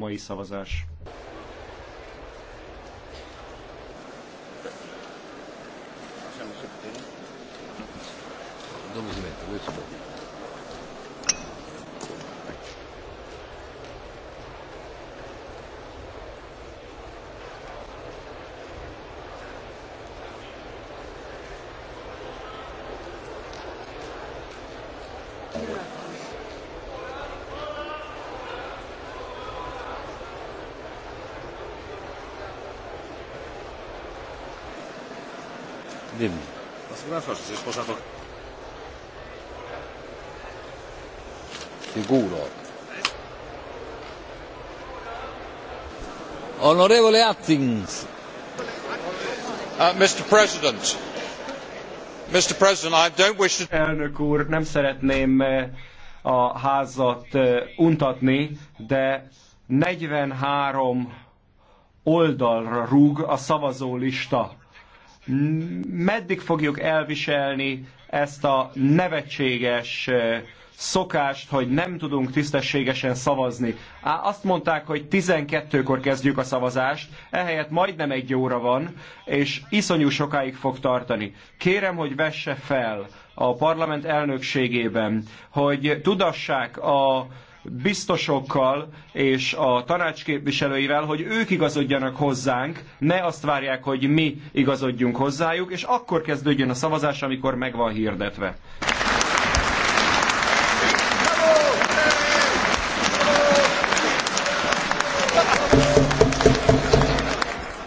mai szavazás. Köszönöm szépen. brazos y se esposa por... Sicuro. Onorevole Atkins. Uh, Mr. President. Mr. President, I don't wish to... Elnök úr, nem szeretném uh, a házat uh, untatni, de 43 oldalra rúg a szavazólista meddig fogjuk elviselni ezt a nevetséges szokást, hogy nem tudunk tisztességesen szavazni. Á, azt mondták, hogy 12-kor kezdjük a szavazást, ehelyett majdnem egy óra van, és iszonyú sokáig fog tartani. Kérem, hogy vesse fel a parlament elnökségében, hogy tudassák a biztosokkal és a tanács képviselőivel, hogy ők igazodjanak hozzánk, ne azt várják, hogy mi igazodjunk hozzájuk, és akkor kezdődjön a szavazás, amikor meg van hirdetve.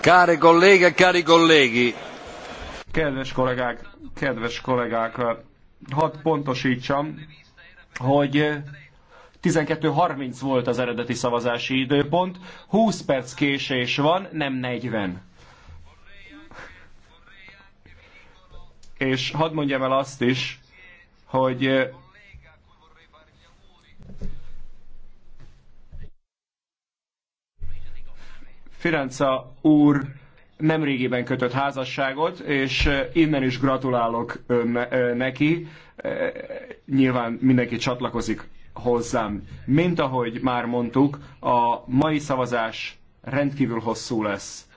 Care colleghe, cari colleghi. Kedves kollégák, kedves kollégák, hadd pontosítsam, hogy 12.30 volt az eredeti szavazási időpont, 20 perc késés van, nem 40. És hadd mondjam el azt is, hogy Firenca úr nemrégiben kötött házasságot, és innen is gratulálok neki. Nyilván mindenki csatlakozik hozzám. Mint ahogy már mondtuk, a mai szavazás rendkívül hosszú lesz.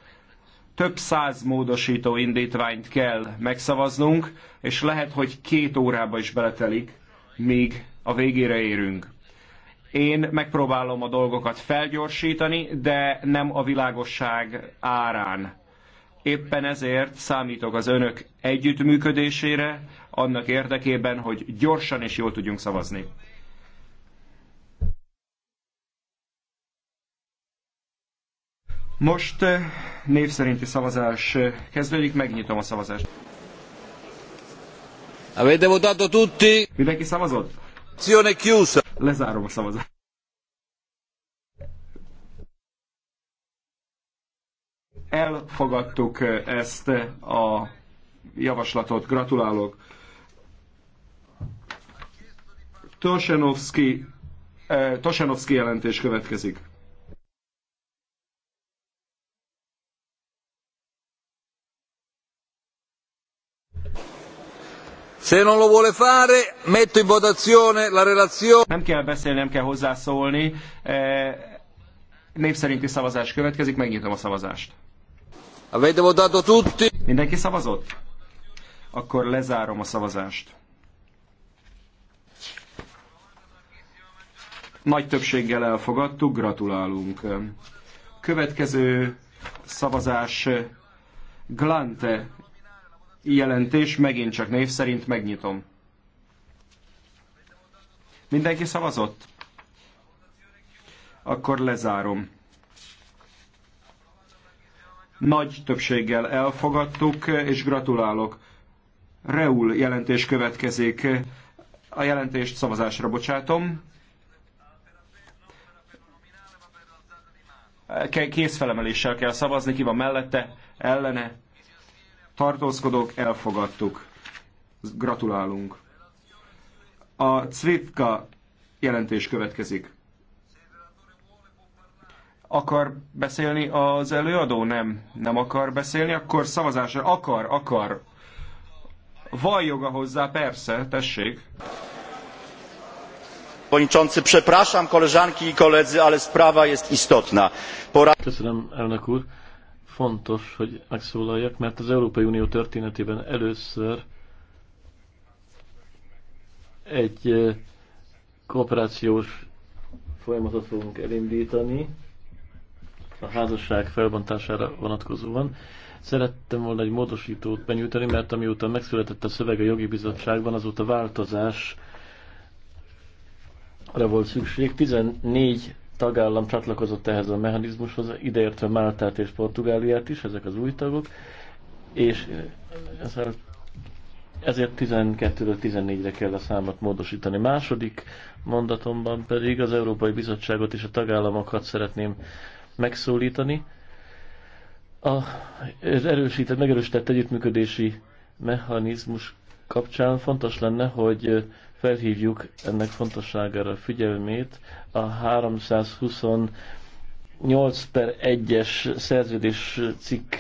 Több száz módosító indítványt kell megszavaznunk, és lehet, hogy két órába is beletelik, míg a végére érünk. Én megpróbálom a dolgokat felgyorsítani, de nem a világosság árán. Éppen ezért számítok az önök együttműködésére, annak érdekében, hogy gyorsan és jól tudjunk szavazni. Most eh, név szerinti szavazás eh, kezdődik, megnyitom a szavazást. Avete votato tutti? Mindenki szavazott? Zione chiusa. Lezárom a szavazást. Elfogadtuk eh, ezt a javaslatot. Gratulálok. eh, Tosenovski jelentés következik. Nem kell beszélni, nem kell hozzászólni. Eh, név szerinti szavazás következik, megnyitom a szavazást. Mindenki szavazott? Akkor lezárom a szavazást. Nagy többséggel elfogadtuk, gratulálunk. Következő szavazás Glante jelentés, megint csak név szerint megnyitom. Mindenki szavazott? Akkor lezárom. Nagy többséggel elfogadtuk, és gratulálok. Reul jelentés következik. A jelentést szavazásra bocsátom. Kézfelemeléssel kell szavazni, ki van mellette, ellene, tartózkodók, elfogadtuk. Gratulálunk. A Cvitka jelentés következik. Akar beszélni az előadó? Nem. Nem akar beszélni? Akkor szavazásra. Akar, akar. Van joga hozzá, persze, tessék. Przewodniczący, przepraszam koleżanki i koledzy, ale sprawa jest istotna. Pora... Köszönöm, elnök úr fontos, hogy megszólaljak, mert az Európai Unió történetében először egy kooperációs folyamatot fogunk elindítani a házasság felbontására vonatkozóan. Szerettem volna egy módosítót benyújtani, mert amióta megszületett a szöveg a jogi bizottságban, azóta változásra volt szükség. 14 tagállam csatlakozott ehhez a mechanizmushoz, ideértve Máltát és Portugáliát is, ezek az új tagok, és ezért 12-ről 14-re kell a számot módosítani. Második mondatomban pedig az Európai Bizottságot és a tagállamokat szeretném megszólítani. A erősített, megerősített együttműködési mechanizmus kapcsán fontos lenne, hogy felhívjuk ennek fontosságára a figyelmét. A 328 per 1-es szerződés cikk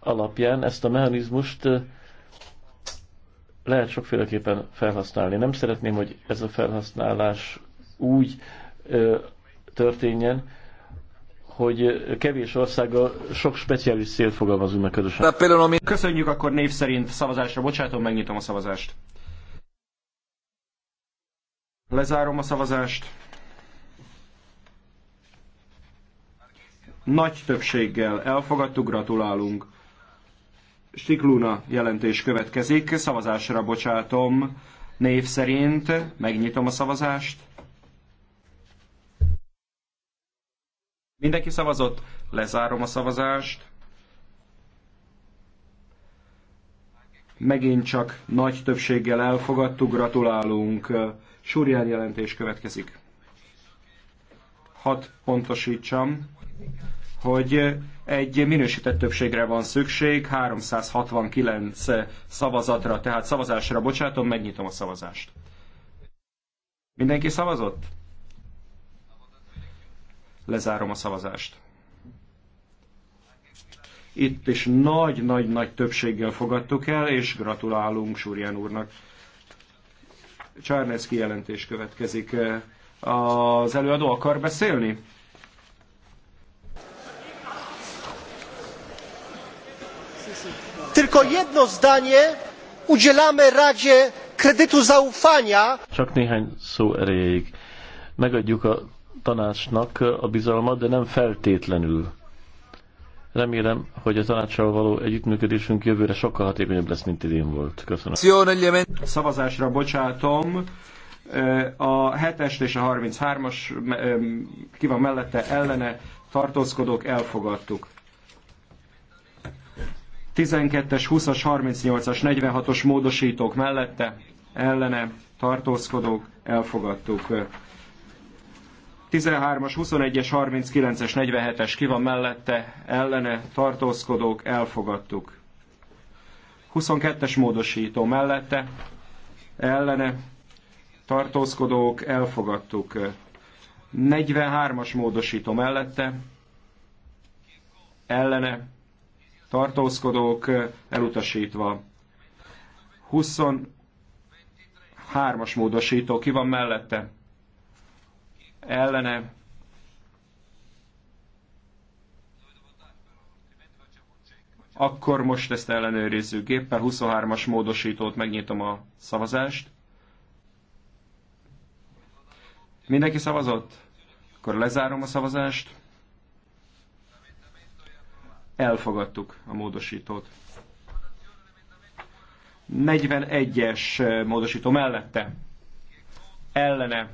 alapján ezt a mechanizmust lehet sokféleképpen felhasználni. Nem szeretném, hogy ez a felhasználás úgy ö, történjen, hogy kevés országgal sok speciális célt fogalmazunk meg közösen. Köszönjük akkor név szerint szavazásra. Bocsátom, megnyitom a szavazást. Lezárom a szavazást. Nagy többséggel elfogadtuk, gratulálunk. Stikluna jelentés következik. Szavazásra bocsátom név szerint. Megnyitom a szavazást. Mindenki szavazott? Lezárom a szavazást. Megint csak nagy többséggel elfogadtuk, gratulálunk. Súrján jelentés következik. Hat pontosítsam, hogy egy minősített többségre van szükség, 369 szavazatra, tehát szavazásra bocsátom, megnyitom a szavazást. Mindenki szavazott? Lezárom a szavazást. Itt is nagy-nagy-nagy többséggel fogadtuk el, és gratulálunk Súrján úrnak. Csárnecki kijelentés következik. Az előadó akar beszélni? Tylko jedno zdanie udzielamy Radzie kredytu zaufania. Csak néhány szó erejéig. Megadjuk a tanácsnak a bizalmat, de nem feltétlenül Remélem, hogy a tanácssal való együttműködésünk jövőre sokkal hatékonyabb lesz, mint idén volt. Köszönöm. Szavazásra bocsátom. A 7 es és a 33-as ki van mellette ellene tartózkodók elfogadtuk. 12-es, 20-as, 38-as, 46-os módosítók mellette ellene tartózkodók elfogadtuk. 13-as, 21-es, 39-es, 47-es ki van mellette, ellene tartózkodók, elfogadtuk. 22-es módosító mellette, ellene tartózkodók, elfogadtuk. 43-as módosító mellette, ellene tartózkodók, elutasítva. 23-as módosító ki van mellette, ellene Akkor most ezt ellenőrizzük. Géppel 23-as módosítót megnyitom a szavazást. Mindenki szavazott? Akkor lezárom a szavazást. Elfogadtuk a módosítót. 41-es módosító mellette. Ellene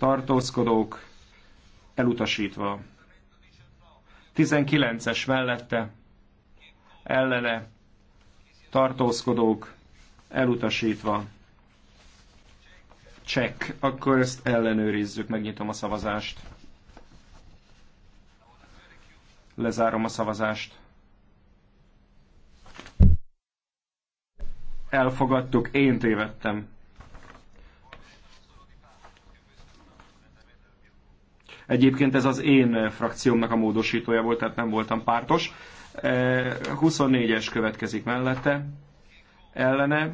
tartózkodók elutasítva. 19-es mellette ellene tartózkodók elutasítva. Check. Akkor ezt ellenőrizzük, megnyitom a szavazást. Lezárom a szavazást. Elfogadtuk, én tévedtem. Egyébként ez az én eh, frakciómnak a módosítója volt, tehát nem voltam pártos. 24-es eh, következik mellette, ellene,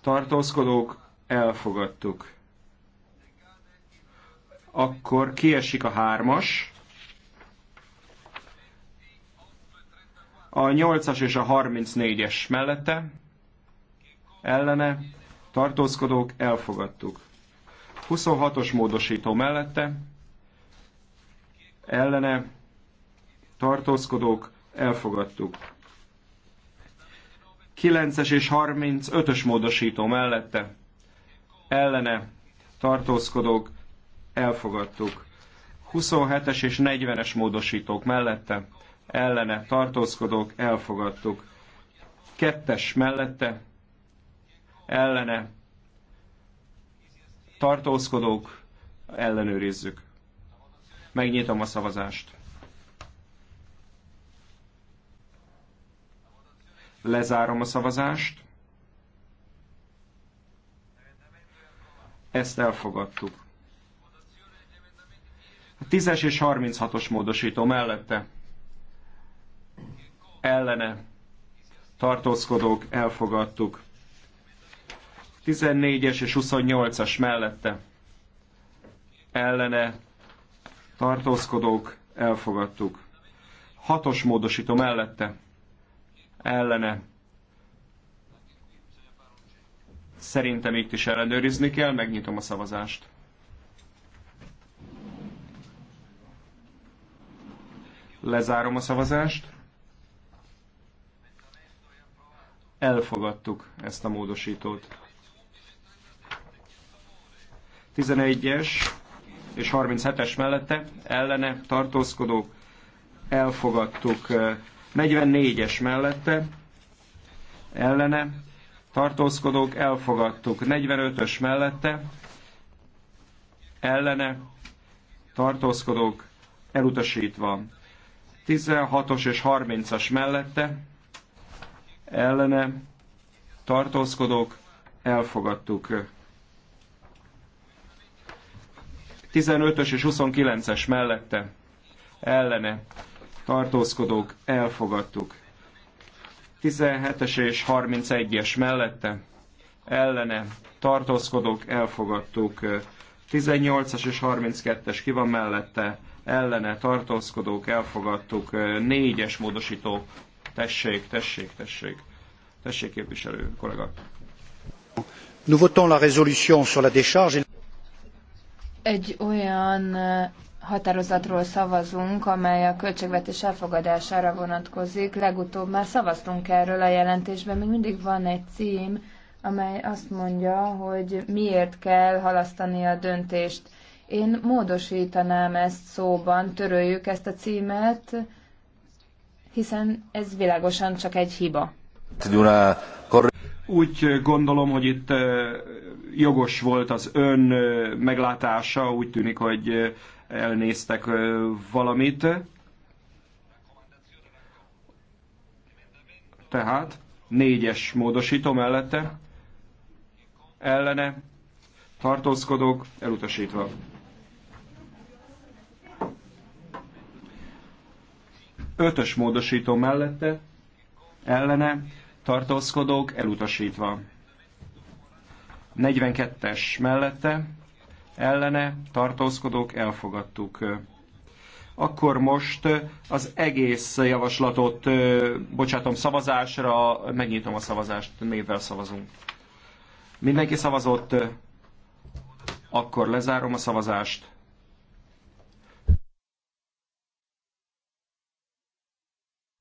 tartózkodók, elfogadtuk. Akkor kiesik a hármas, a 8-as és a 34-es mellette, ellene, tartózkodók, elfogadtuk. 26-os módosító mellette, ellene tartózkodók elfogadtuk. 9-es és 35-ös módosító mellette ellene tartózkodók elfogadtuk. 27-es és 40-es módosítók mellette ellene tartózkodók elfogadtuk. 2-es mellette ellene tartózkodók ellenőrizzük. Megnyitom a szavazást. Lezárom a szavazást. Ezt elfogadtuk. A 10-es és 36-os módosító mellette ellene tartózkodók elfogadtuk. 14-es és 28-as mellette ellene tartózkodók, elfogadtuk. Hatos módosító mellette, ellene. Szerintem itt is ellenőrizni kell, megnyitom a szavazást. Lezárom a szavazást. Elfogadtuk ezt a módosítót. 11-es és 37-es mellette ellene tartózkodók elfogadtuk. 44-es mellette ellene tartózkodók elfogadtuk. 45-ös mellette ellene tartózkodók elutasítva. 16-os és 30-as mellette ellene tartózkodók elfogadtuk. 15-ös és 29-es mellette ellene tartózkodók elfogadtuk. 17-es és 31-es mellette ellene tartózkodók elfogadtuk. 18-as és 32-es ki van mellette ellene tartózkodók elfogadtuk. 4-es módosító tessék, tessék, tessék. Tessék képviselő kollega. Nous votons la résolution sur la décharge. Egy olyan határozatról szavazunk, amely a költségvetés elfogadására vonatkozik. Legutóbb már szavaztunk erről a jelentésben, még mindig van egy cím, amely azt mondja, hogy miért kell halasztani a döntést. Én módosítanám ezt szóban, töröljük ezt a címet, hiszen ez világosan csak egy hiba. Úgy gondolom, hogy itt jogos volt az ön meglátása, úgy tűnik, hogy elnéztek valamit. Tehát négyes módosító mellette ellene tartózkodók elutasítva. Ötös módosító mellette ellene tartózkodók elutasítva. 42-es mellette, ellene tartózkodók elfogadtuk. Akkor most az egész javaslatot bocsátom szavazásra, megnyitom a szavazást, névvel szavazunk. Mindenki szavazott, akkor lezárom a szavazást.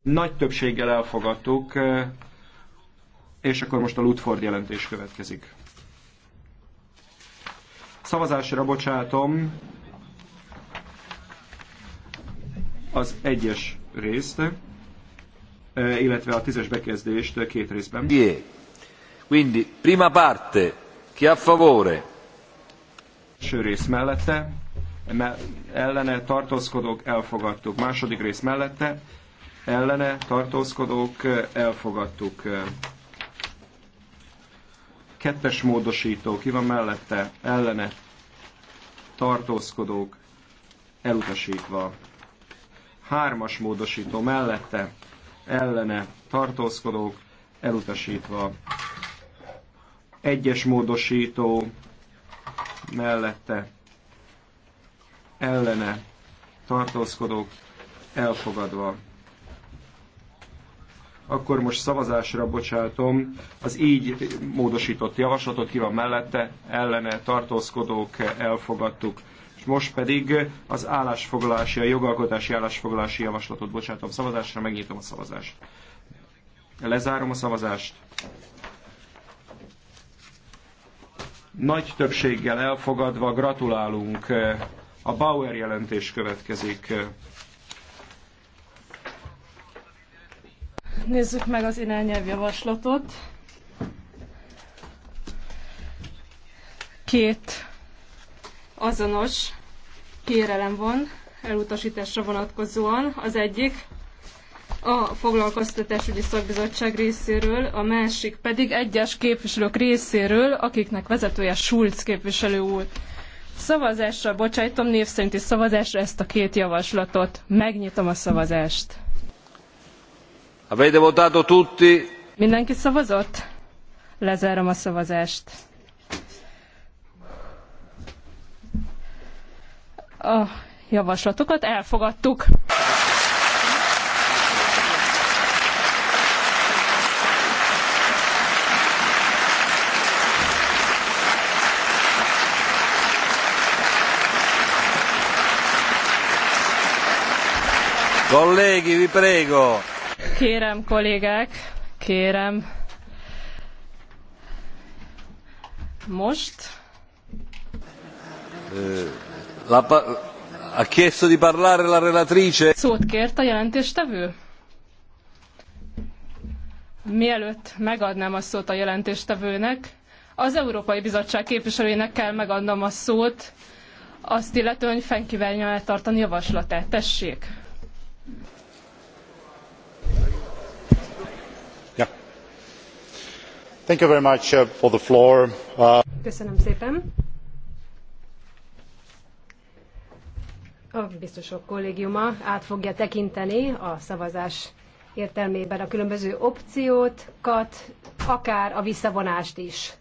Nagy többséggel elfogadtuk, és akkor most a Lutford jelentés következik. Szavazásra bocsátom az egyes részt, e, illetve a tízes bekezdést két részben. Quindi, prima parte, chi a favore? Első rész mellette, ellene tartózkodók elfogadtuk. Második rész mellette, ellene tartózkodók elfogadtuk. Kettes módosító, ki van mellette, ellene tartózkodók elutasítva. Hármas módosító mellette, ellene tartózkodók elutasítva. Egyes módosító mellette, ellene tartózkodók elfogadva akkor most szavazásra bocsátom az így módosított javaslatot, ki van mellette, ellene tartózkodók elfogadtuk. És most pedig az állásfoglalási, a jogalkotási állásfoglalási javaslatot bocsátom szavazásra, megnyitom a szavazást. Lezárom a szavazást. Nagy többséggel elfogadva gratulálunk. A Bauer jelentés következik. Nézzük meg az irányelvjavaslatot. Két azonos kérelem van elutasításra vonatkozóan. Az egyik a foglalkoztatásügyi szakbizottság részéről, a másik pedig egyes képviselők részéről, akiknek vezetője Schulz képviselő úr. Szavazásra bocsájtom név szerinti szavazásra ezt a két javaslatot. Megnyitom a szavazást. Avete votato tutti? Mindenki szavazott? Lezárom a szavazást. A javaslatokat elfogadtuk. Colleghi, vi prego. Kérem, kollégák, kérem. Most. La ha chiesto di parlare la relatrice. Szót kért a jelentéstevő? Mielőtt megadnám a szót a jelentéstevőnek, az Európai Bizottság képviselőjének kell megadnom a szót, azt illetően, hogy fenn kívánja javaslatát. Tessék! Uh, uh, Köszönöm szépen. A biztosok kollégiuma át fogja tekinteni a szavazás értelmében a különböző opciókat, akár a visszavonást is.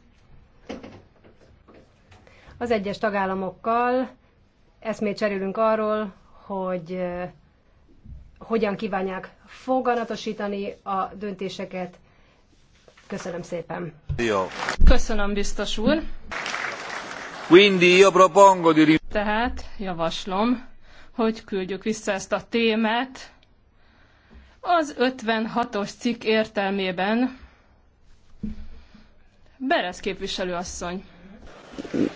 Az egyes tagállamokkal eszmét cserélünk arról, hogy uh, hogyan kívánják foganatosítani a döntéseket, Köszönöm szépen. Jó. Köszönöm, biztos úr. Quindi io propongo di... Tehát javaslom, hogy küldjük vissza ezt a témát az 56-os cikk értelmében. Berez képviselő asszony.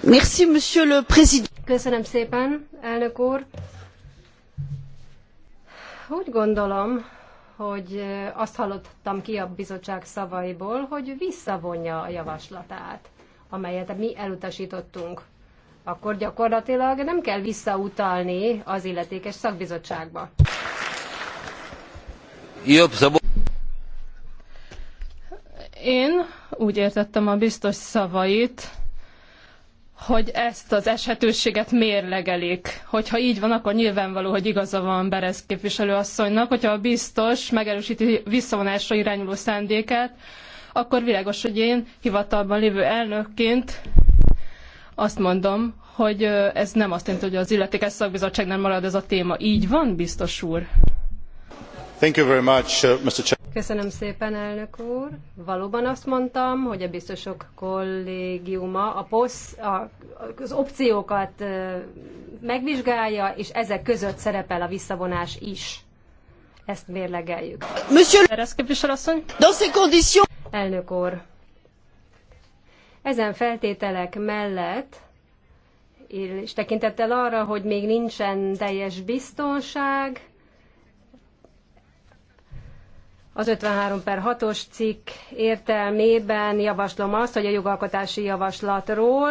Merci, monsieur le président. Köszönöm szépen, elnök úr. Úgy gondolom, hogy azt hallottam ki a bizottság szavaiból, hogy visszavonja a javaslatát, amelyet mi elutasítottunk. Akkor gyakorlatilag nem kell visszautalni az illetékes szakbizottságba. Jobb szabó. Én úgy értettem a biztos szavait, hogy ezt az eshetőséget mérlegelik. Hogyha így van, akkor nyilvánvaló, hogy igaza van Berez képviselőasszonynak, hogyha a biztos megerősíti visszavonásra irányuló szándékát, akkor világos, hogy én hivatalban lévő elnökként azt mondom, hogy ez nem azt jelenti, hogy az illetékes szakbizottságnál marad ez a téma. Így van, biztos úr? Thank you very much, uh, Mr. Köszönöm szépen, elnök úr. Valóban azt mondtam, hogy a biztosok kollégiuma a POSZ a, az opciókat megvizsgálja, és ezek között szerepel a visszavonás is. Ezt mérlegeljük. Monsieur képviselőasszony? Dans ces conditions... Elnök úr, ezen feltételek mellett és tekintettel arra, hogy még nincsen teljes biztonság, az 53 per 6-os cikk értelmében javaslom azt, hogy a jogalkotási javaslatról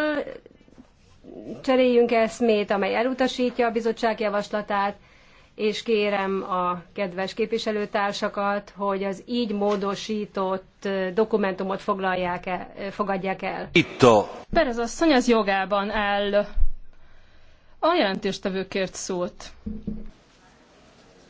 cseréljünk eszmét, amely elutasítja a bizottság javaslatát, és kérem a kedves képviselőtársakat, hogy az így módosított dokumentumot foglalják el, fogadják el. Itt a... Perez asszony az jogában áll. A jelentéstevő kért szót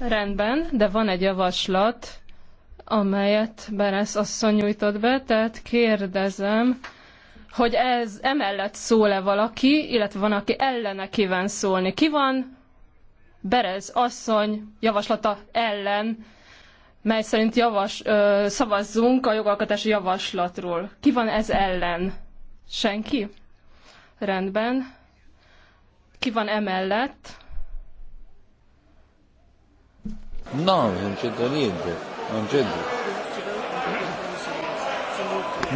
Rendben, de van egy javaslat, amelyet Beresz asszony nyújtott be, tehát kérdezem, hogy ez emellett szól-e valaki, illetve van, aki ellene kíván szólni. Ki van Berez asszony javaslata ellen, mely szerint javas, ö, szavazzunk a jogalkotási javaslatról. Ki van ez ellen? Senki? Rendben. Ki van emellett? No, non c'entra niente, non c'entra.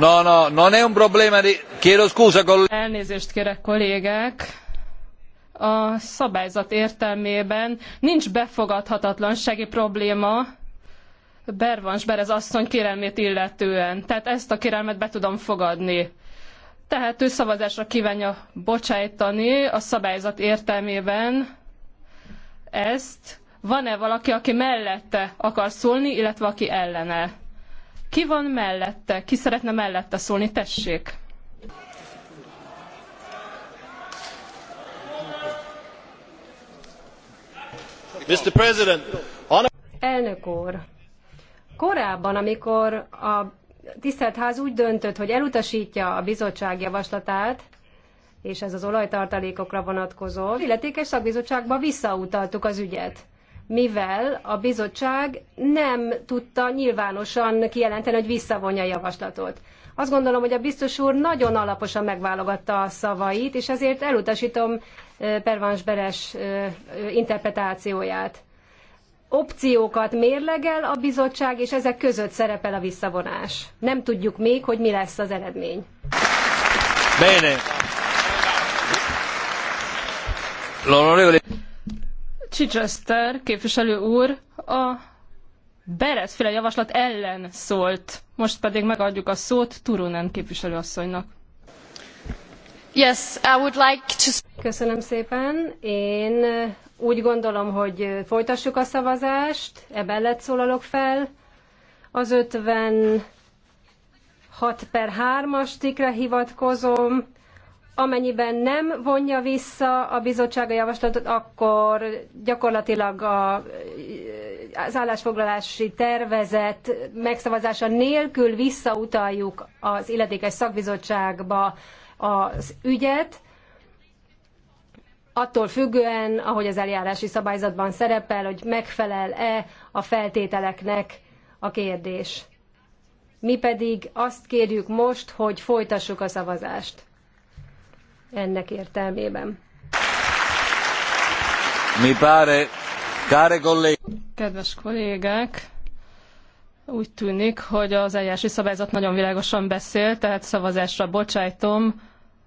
No, no, non è un problema di... Chiedo scusa, collega. Elnézést kérek, kollégák. A szabályzat értelmében nincs befogadhatatlansági probléma Bervans Berez asszony kérelmét illetően. Tehát ezt a kérelmet be tudom fogadni. Tehát ő szavazásra kívánja bocsájtani a szabályzat értelmében ezt van-e valaki, aki mellette akar szólni, illetve aki ellene? Ki van mellette? Ki szeretne mellette szólni? Tessék! Mr. President, on... Elnök úr, korábban, amikor a tisztelt ház úgy döntött, hogy elutasítja a bizottság javaslatát, és ez az olajtartalékokra vonatkozó, illetékes szakbizottságba visszautaltuk az ügyet mivel a bizottság nem tudta nyilvánosan kijelenteni, hogy visszavonja a javaslatot. Azt gondolom, hogy a biztos úr nagyon alaposan megválogatta a szavait, és ezért elutasítom eh, Pervans Beres eh, interpretációját. Opciókat mérlegel a bizottság, és ezek között szerepel a visszavonás. Nem tudjuk még, hogy mi lesz az eredmény. Bene. Chichester képviselő úr a Berezféle javaslat ellen szólt. Most pedig megadjuk a szót Turunen képviselőasszonynak. Yes, I would like to... Köszönöm szépen. Én úgy gondolom, hogy folytassuk a szavazást. Ebellett szólalok fel. Az 56 per 3-as tikre hivatkozom amennyiben nem vonja vissza a bizottság a javaslatot, akkor gyakorlatilag a, az állásfoglalási tervezet megszavazása nélkül visszautaljuk az illetékes szakbizottságba az ügyet, attól függően, ahogy az eljárási szabályzatban szerepel, hogy megfelel-e a feltételeknek a kérdés. Mi pedig azt kérjük most, hogy folytassuk a szavazást ennek értelmében. Mi pare, care kollég... Kedves kollégák, úgy tűnik, hogy az eljárási szabályzat nagyon világosan beszél, tehát szavazásra bocsájtom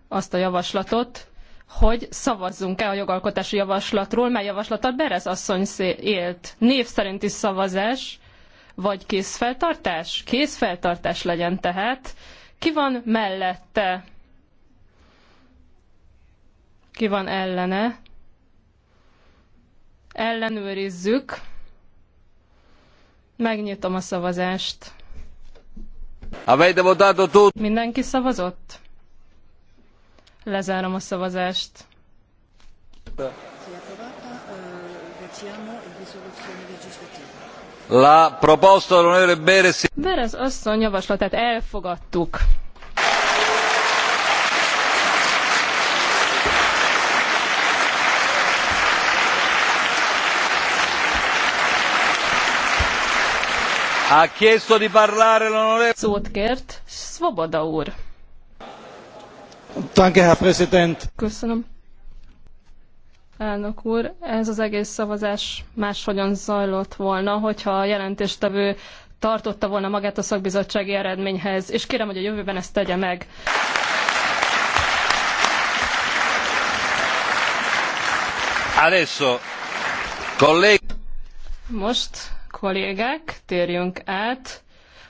azt a javaslatot, hogy szavazzunk-e a jogalkotási javaslatról, mely javaslatot Berez asszony élt. Név szerinti szavazás, vagy készfeltartás? Készfeltartás legyen tehát. Ki van mellette? Ki van ellene? Ellenőrizzük. Megnyitom a szavazást. Mindenki szavazott? Lezárom a szavazást. La proposta dell'onorevole Beres. Beres asszony javaslatát elfogadtuk. Ha chiesto di parlare l'onorevole... Szót kért, Svoboda úr. Danke, Herr Präsident. Köszönöm. Elnök úr, ez az egész szavazás máshogyan zajlott volna, hogyha a jelentéstevő tartotta volna magát a szakbizottsági eredményhez, és kérem, hogy a jövőben ezt tegye meg. Adesso, kollég... Most kollégák, térjünk át.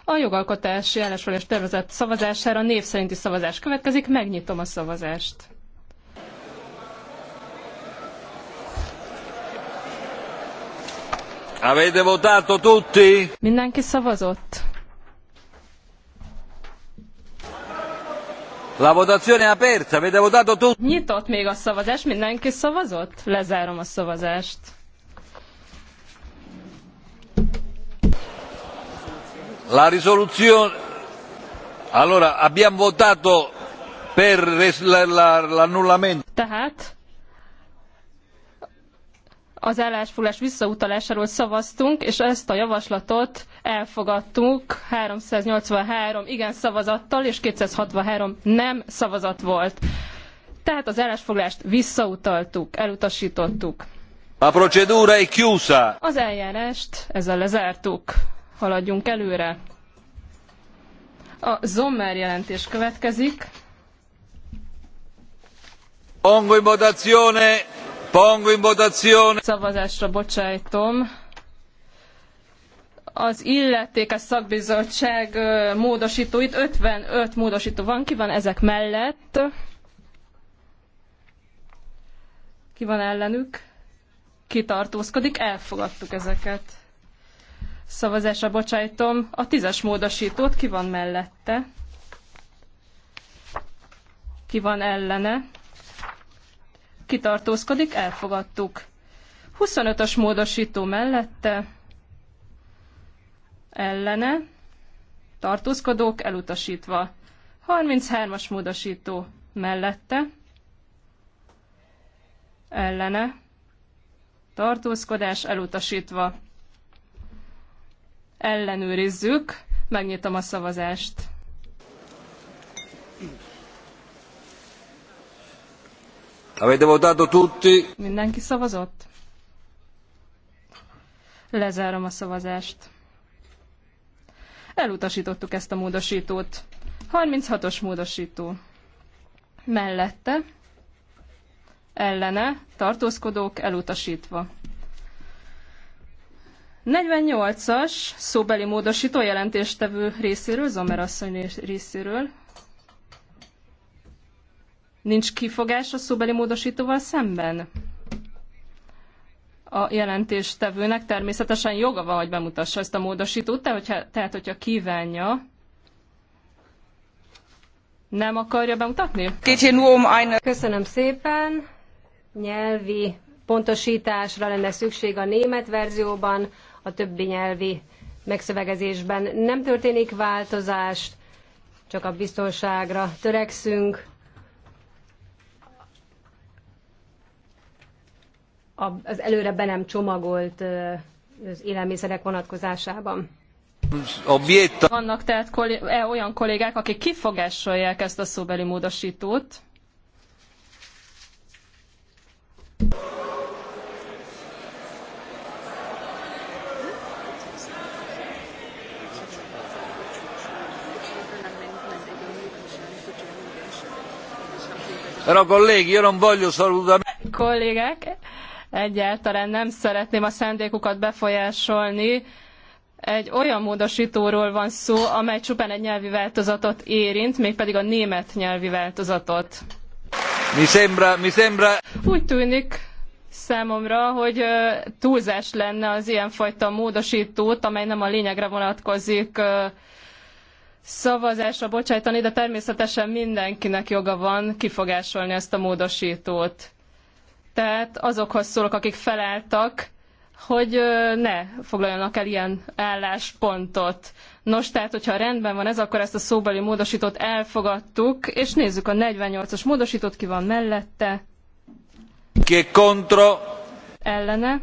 A jogalkotási állásfoglalás tervezett szavazására név szerinti szavazás következik. Megnyitom a szavazást. Avete votato tutti? Mindenki szavazott. La votazione è aperta, avete votato tutti? Nyitott még a szavazás, mindenki szavazott? Lezárom a szavazást. La risoluzione. Allora, abbiamo votato per l'annullamento. Tehát az állásfoglalás visszautalásáról szavaztunk, és ezt a javaslatot elfogadtuk 383 igen szavazattal, és 263 nem szavazat volt. Tehát az állásfoglalást visszautaltuk, elutasítottuk. A procedura è chiusa. Az eljárást ezzel lezártuk haladjunk előre. A Zommer jelentés következik. Pongo in votazione, pongo in votazione. Szavazásra bocsájtom. Az illetékes szakbizottság itt 55 módosító van, ki van ezek mellett? Ki van ellenük? Ki tartózkodik? Elfogadtuk ezeket. Szavazásra bocsájtom a tízes módosítót. Ki van mellette? Ki van ellene? Kitartózkodik? Elfogadtuk. 25-ös módosító mellette? Ellene? Tartózkodók elutasítva. 33-as módosító mellette? Ellene? Tartózkodás elutasítva ellenőrizzük. Megnyitom a szavazást. Avete votato tutti? Mindenki szavazott? Lezárom a szavazást. Elutasítottuk ezt a módosítót. 36-os módosító. Mellette, ellene, tartózkodók elutasítva. 48-as szóbeli módosító jelentéstevő részéről, Zomer asszony részéről. Nincs kifogás a szóbeli módosítóval szemben? A jelentéstevőnek természetesen joga van, hogy bemutassa ezt a módosítót, de hogyha, tehát hogyha kívánja, nem akarja bemutatni? Köszönöm szépen. Nyelvi pontosításra lenne szükség a német verzióban, a többi nyelvi megszövegezésben nem történik változás, csak a biztonságra törekszünk. Az előre be nem csomagolt az élelmiszerek vonatkozásában. Vannak tehát e, olyan kollégák, akik kifogásolják ezt a szóbeli módosítót. Kollégák, egyáltalán nem szeretném a szándékukat befolyásolni. Egy olyan módosítóról van szó, amely csupán egy nyelvi változatot érint, mégpedig a német nyelvi változatot. Mi sembra, mi sembra... Úgy tűnik, számomra, hogy túlzás lenne az ilyenfajta módosítót, amely nem a lényegre vonatkozik szavazásra bocsájtani, de természetesen mindenkinek joga van kifogásolni ezt a módosítót. Tehát azokhoz szólok, akik felálltak, hogy ne foglaljanak el ilyen álláspontot. Nos, tehát, hogyha rendben van ez, akkor ezt a szóbeli módosítót elfogadtuk, és nézzük a 48-as módosítót, ki van mellette. Ki contro. Ellene.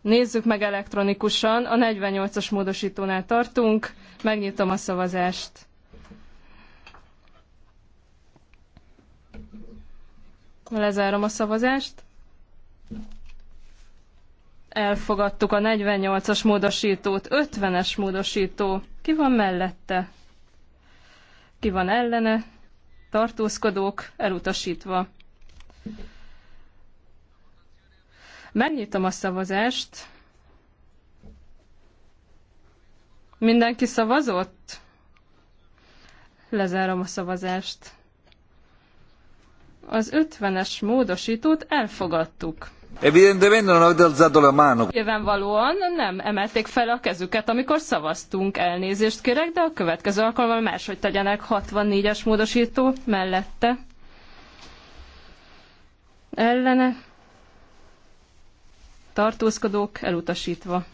Nézzük meg elektronikusan, a 48-as módosítónál tartunk. Megnyitom a szavazást. Lezárom a szavazást. Elfogadtuk a 48-as módosítót, 50-es módosító. Ki van mellette? Ki van ellene? Tartózkodók elutasítva. Megnyitom a szavazást. Mindenki szavazott? Lezárom a szavazást. Az 50-es módosítót elfogadtuk. Evidentemente Nyilvánvalóan nem emelték fel a kezüket, amikor szavaztunk. Elnézést kérek, de a következő alkalommal máshogy tegyenek 64-es módosító mellette. Ellene. Tartózkodók elutasítva.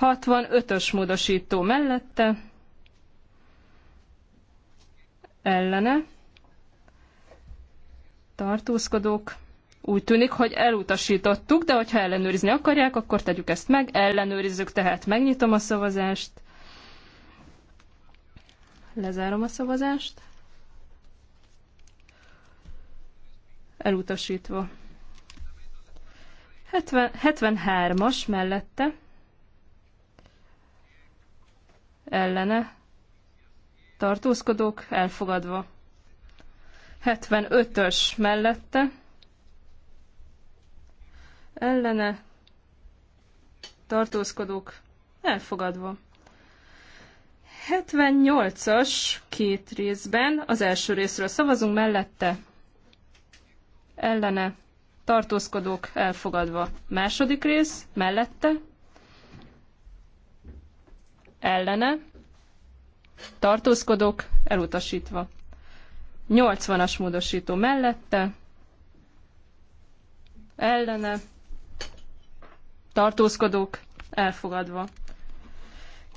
65-ös módosító mellette, ellene, tartózkodók, úgy tűnik, hogy elutasítottuk, de hogyha ellenőrizni akarják, akkor tegyük ezt meg, ellenőrizzük, tehát megnyitom a szavazást, lezárom a szavazást, elutasítva. 70, 73-as mellette, ellene tartózkodók elfogadva. 75-ös mellette ellene tartózkodók elfogadva. 78-as két részben az első részről szavazunk mellette ellene tartózkodók elfogadva. Második rész mellette ellene, tartózkodok, elutasítva. 80-as módosító mellette, ellene, tartózkodok, elfogadva.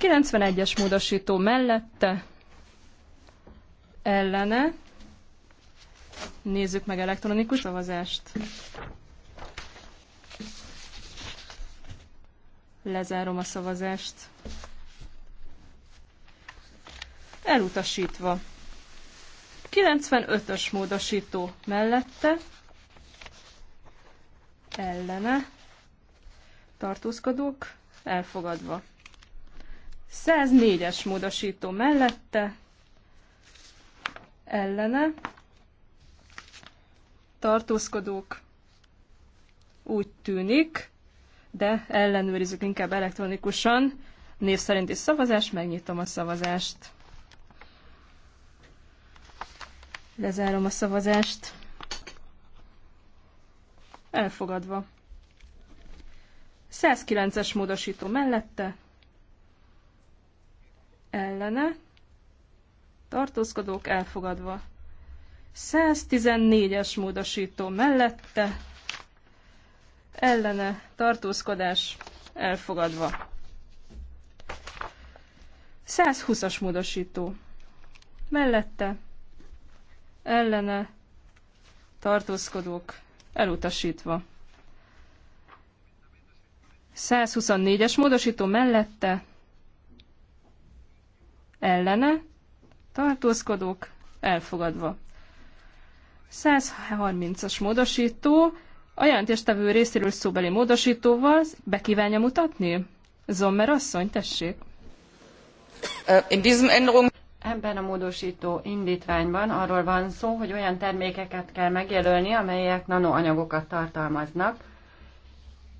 91-es módosító mellette, ellene, nézzük meg elektronikus szavazást. Lezárom a szavazást elutasítva. 95-ös módosító mellette, ellene, tartózkodók, elfogadva. 104-es módosító mellette, ellene, tartózkodók, úgy tűnik, de ellenőrizzük inkább elektronikusan, név szerinti szavazás, megnyitom a szavazást. Lezárom a szavazást. Elfogadva. 109-es módosító mellette. Ellene. Tartózkodók elfogadva. 114-es módosító mellette. Ellene. Tartózkodás elfogadva. 120-as módosító mellette ellene tartózkodók elutasítva. 124-es módosító mellette ellene tartózkodók elfogadva. 130-as módosító a jelentéstevő részéről szóbeli módosítóval be kívánja mutatni? Zommer asszony, tessék. In diesem Änderung Ebben a módosító indítványban arról van szó, hogy olyan termékeket kell megjelölni, amelyek nanoanyagokat tartalmaznak,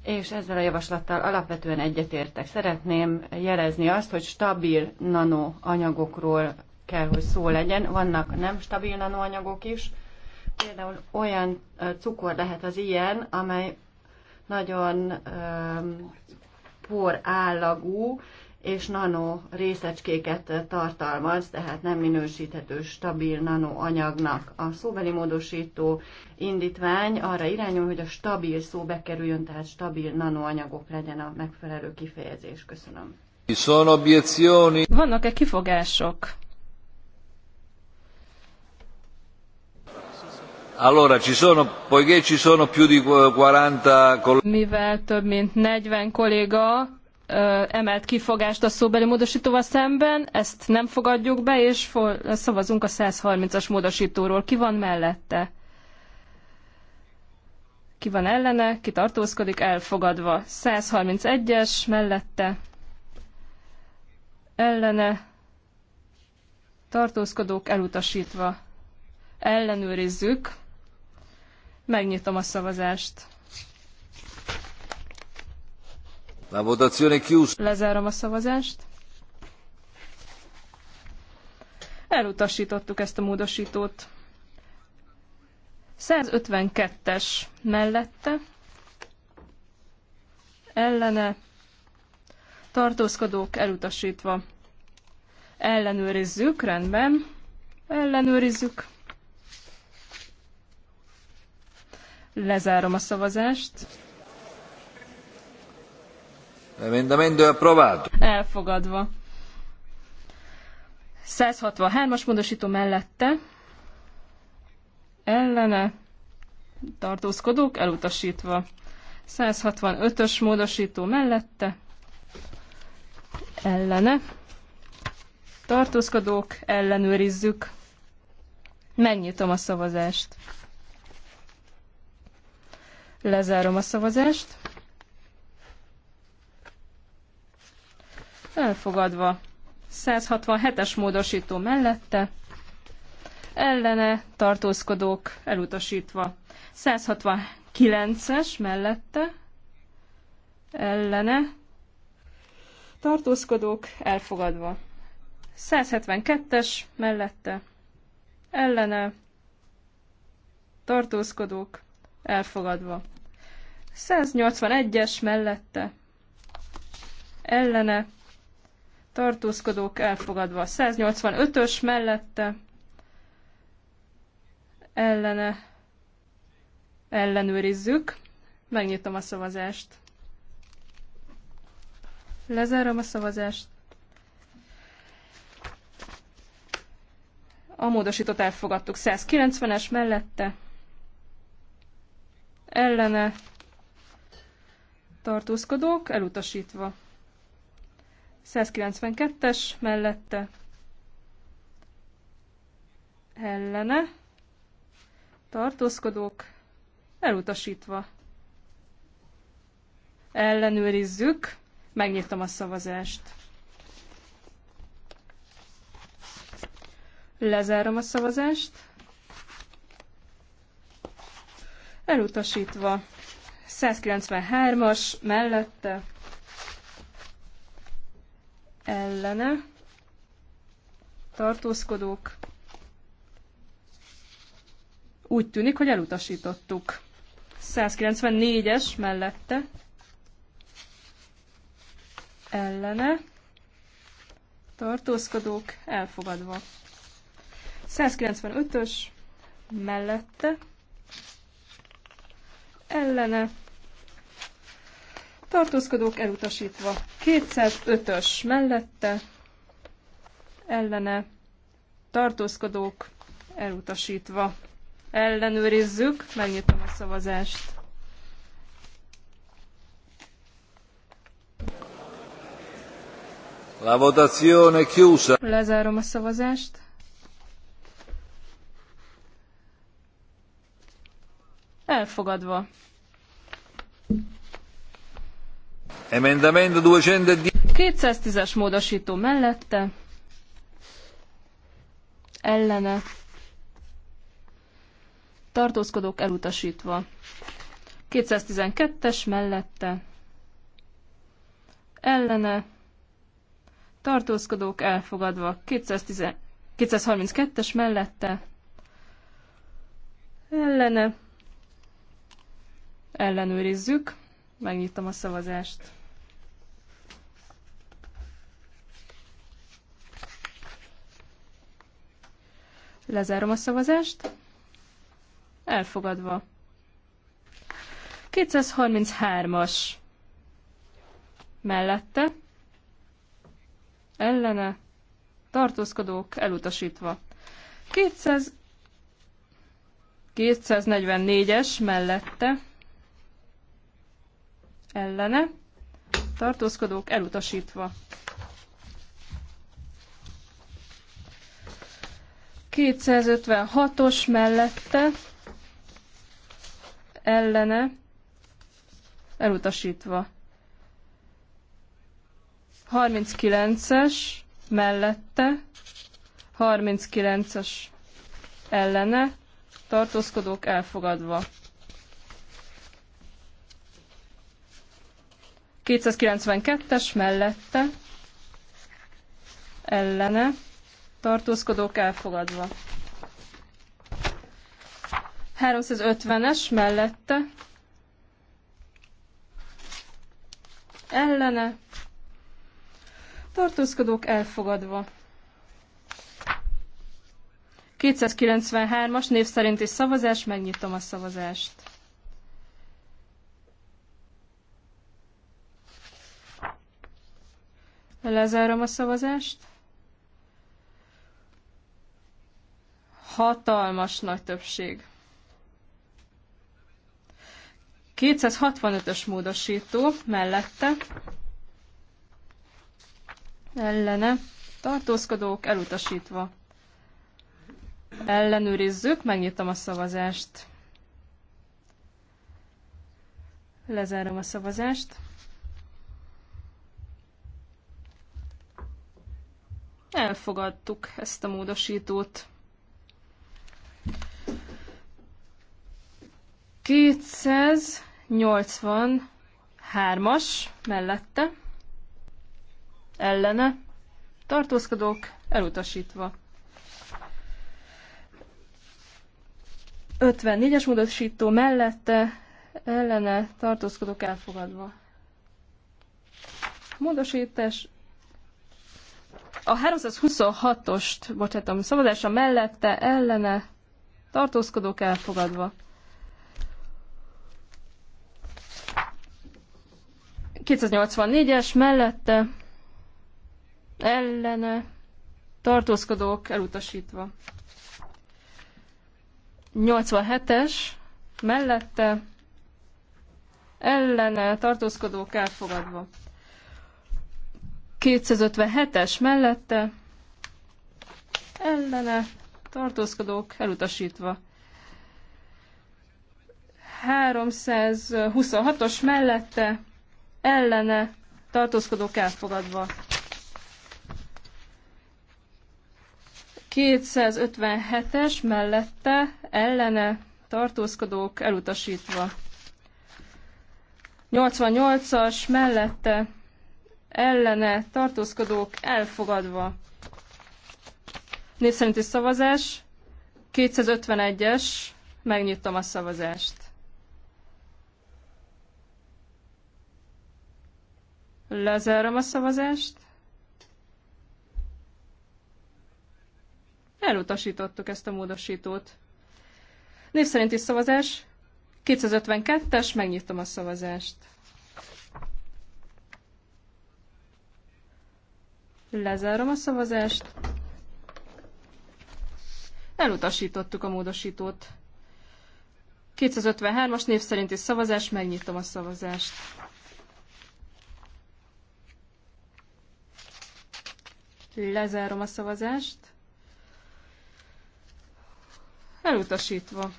és ezzel a javaslattal alapvetően egyetértek. Szeretném jelezni azt, hogy stabil nanoanyagokról kell, hogy szó legyen. Vannak nem stabil nanoanyagok is. Például olyan cukor lehet az ilyen, amely nagyon um, por állagú, és nano részecskéket tartalmaz, tehát nem minősíthető stabil nano anyagnak A szóbeli módosító indítvány arra irányul, hogy a stabil szó bekerüljön, tehát stabil nanoanyagok legyen a megfelelő kifejezés. Köszönöm. Vannak-e kifogások? Allora, ci sono, poiché ci sono più di 40 colleghi. Mivel több mint 40 kolléga emelt kifogást a szóbeli módosítóval szemben, ezt nem fogadjuk be, és szavazunk a 130-as módosítóról. Ki van mellette? Ki van ellene? Ki tartózkodik? Elfogadva. 131-es mellette. Ellene. Tartózkodók elutasítva. Ellenőrizzük. Megnyitom a szavazást. La votazione chiusa. Lezárom a szavazást. Elutasítottuk ezt a módosítót. 152-es mellette, ellene, tartózkodók elutasítva. Ellenőrizzük, rendben, ellenőrizzük. Lezárom a szavazást. Emendamento approvato. Elfogadva. 163-as módosító mellette ellene tartózkodók elutasítva. 165-ös módosító mellette ellene tartózkodók ellenőrizzük. Megnyitom a szavazást. Lezárom a szavazást. elfogadva. 167-es módosító mellette, ellene tartózkodók elutasítva. 169-es mellette, ellene tartózkodók elfogadva. 172-es mellette, ellene tartózkodók elfogadva. 181-es mellette, ellene tartózkodók elfogadva. 185-ös mellette ellene ellenőrizzük. Megnyitom a szavazást. Lezárom a szavazást. A módosítót elfogadtuk. 190-es mellette ellene tartózkodók elutasítva. 192-es mellette ellene tartózkodók elutasítva. Ellenőrizzük, megnyitom a szavazást. Lezárom a szavazást. Elutasítva. 193-as mellette ellene tartózkodók. Úgy tűnik, hogy elutasítottuk. 194-es mellette ellene tartózkodók elfogadva. 195-ös mellette ellene tartózkodók elutasítva. 205-ös mellette, ellene, tartózkodók elutasítva. Ellenőrizzük, megnyitom a szavazást. La votazione chiusa. Lezárom a szavazást. Elfogadva. 210. E es módosító mellette. Ellene. Tartózkodók elutasítva. 212-es mellette. Ellene. Tartózkodók elfogadva. 210, 232-es mellette. Ellene. Ellenőrizzük. Megnyitom a szavazást. Lezárom a szavazást. Elfogadva. 233-as mellette, ellene, tartózkodók elutasítva. 200, 244-es mellette, ellene, tartózkodók elutasítva. 256-os mellette ellene elutasítva. 39-es mellette, 39-es ellene, tartózkodók elfogadva. 292-es mellette, ellene, tartózkodók elfogadva. 350-es mellette ellene tartózkodók elfogadva. 293-as név szerinti szavazás, megnyitom a szavazást. Lezárom a szavazást. Hatalmas nagy többség. 265-ös módosító mellette ellene tartózkodók elutasítva. Ellenőrizzük, megnyitom a szavazást. Lezárom a szavazást. Elfogadtuk ezt a módosítót. 283-as mellette ellene tartózkodók elutasítva. 54-es módosító mellette ellene tartózkodók elfogadva. Módosítás a 326-ost, bocsátom, szavazása mellette ellene tartózkodók elfogadva. 284-es mellette ellene tartózkodók elutasítva. 87-es mellette ellene tartózkodók elfogadva. 257-es mellette ellene tartózkodók elutasítva. 326-os mellette ellene tartózkodók elfogadva. 257-es mellette ellene tartózkodók elutasítva. 88-as mellette ellene tartózkodók elfogadva. Név szerinti szavazás 251-es, megnyitom a szavazást. Lezárom a szavazást. Elutasítottuk ezt a módosítót. Név szerinti szavazás. 252-es, megnyitom a szavazást. Lezárom a szavazást. Elutasítottuk a módosítót. 253-as név szerinti szavazás, megnyitom a szavazást. Lezárom a szavazást. Elutasítva.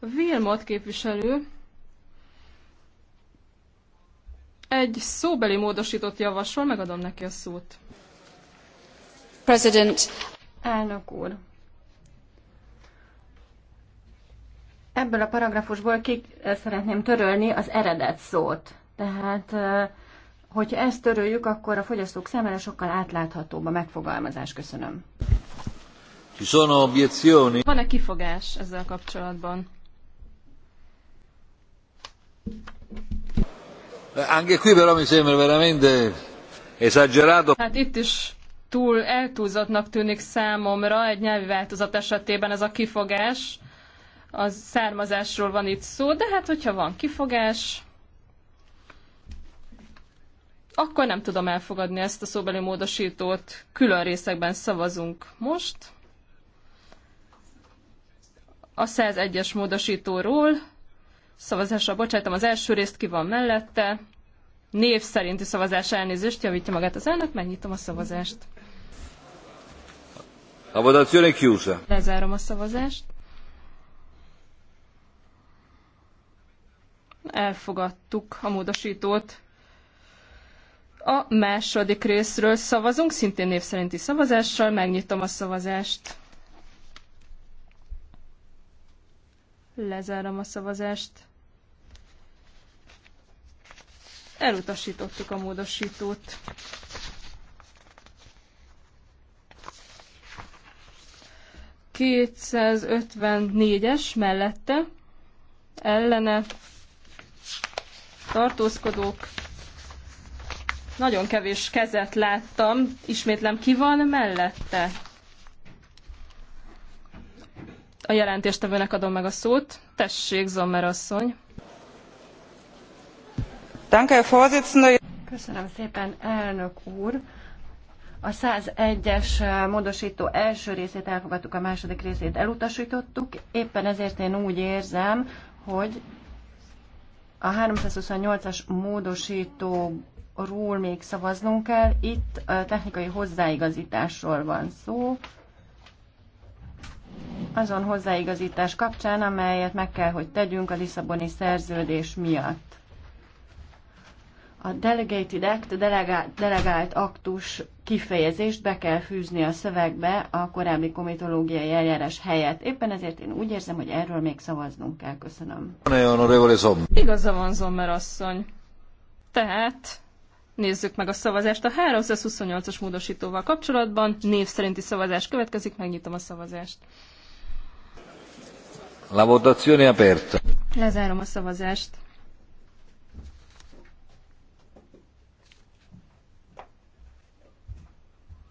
Vilmot képviselő egy szóbeli módosított javasol, megadom neki a szót. President. Elnök úr. Ebből a paragrafusból ki eh, szeretném törölni az eredet szót. Tehát uh, Hogyha ezt töröljük, akkor a fogyasztók számára sokkal átláthatóbb a megfogalmazás. Köszönöm. Van-e kifogás ezzel kapcsolatban? Anche qui però mi sembra veramente esagerato. Hát itt is túl eltúlzottnak tűnik számomra egy nyelvi változat esetében ez a kifogás. A származásról van itt szó, de hát hogyha van kifogás, akkor nem tudom elfogadni ezt a szóbeli módosítót. Külön részekben szavazunk most. A 101-es módosítóról szavazásra bocsájtom az első részt, ki van mellette. Név szerinti szavazás elnézést, javítja magát az elnök, megnyitom a szavazást. A votazione chiusa. Lezárom a szavazást. Elfogadtuk a módosítót. A második részről szavazunk, szintén név szerinti szavazással. Megnyitom a szavazást. Lezárom a szavazást. Elutasítottuk a módosítót. es mellette ellene tartózkodók nagyon kevés kezet láttam. Ismétlem, ki van mellette? A jelentéstevőnek adom meg a szót. Tessék, Zommer asszony. Köszönöm szépen, elnök úr. A 101-es eh, módosító első részét elfogadtuk, a második részét elutasítottuk. Éppen ezért én úgy érzem, hogy a 328-as módosító ról még szavaznunk kell. Itt a technikai hozzáigazításról van szó. Azon hozzáigazítás kapcsán, amelyet meg kell, hogy tegyünk a Lisszaboni szerződés miatt. A Delegated Act, delegált, delegált aktus kifejezést be kell fűzni a szövegbe a korábbi komitológiai eljárás helyett. Éppen ezért én úgy érzem, hogy erről még szavaznunk kell. Köszönöm. Igaza van, Zommer asszony. Tehát Nézzük meg a szavazást a 328-as módosítóval kapcsolatban. Név szerinti szavazás következik, megnyitom a szavazást. La votazione aperta. Lezárom a szavazást.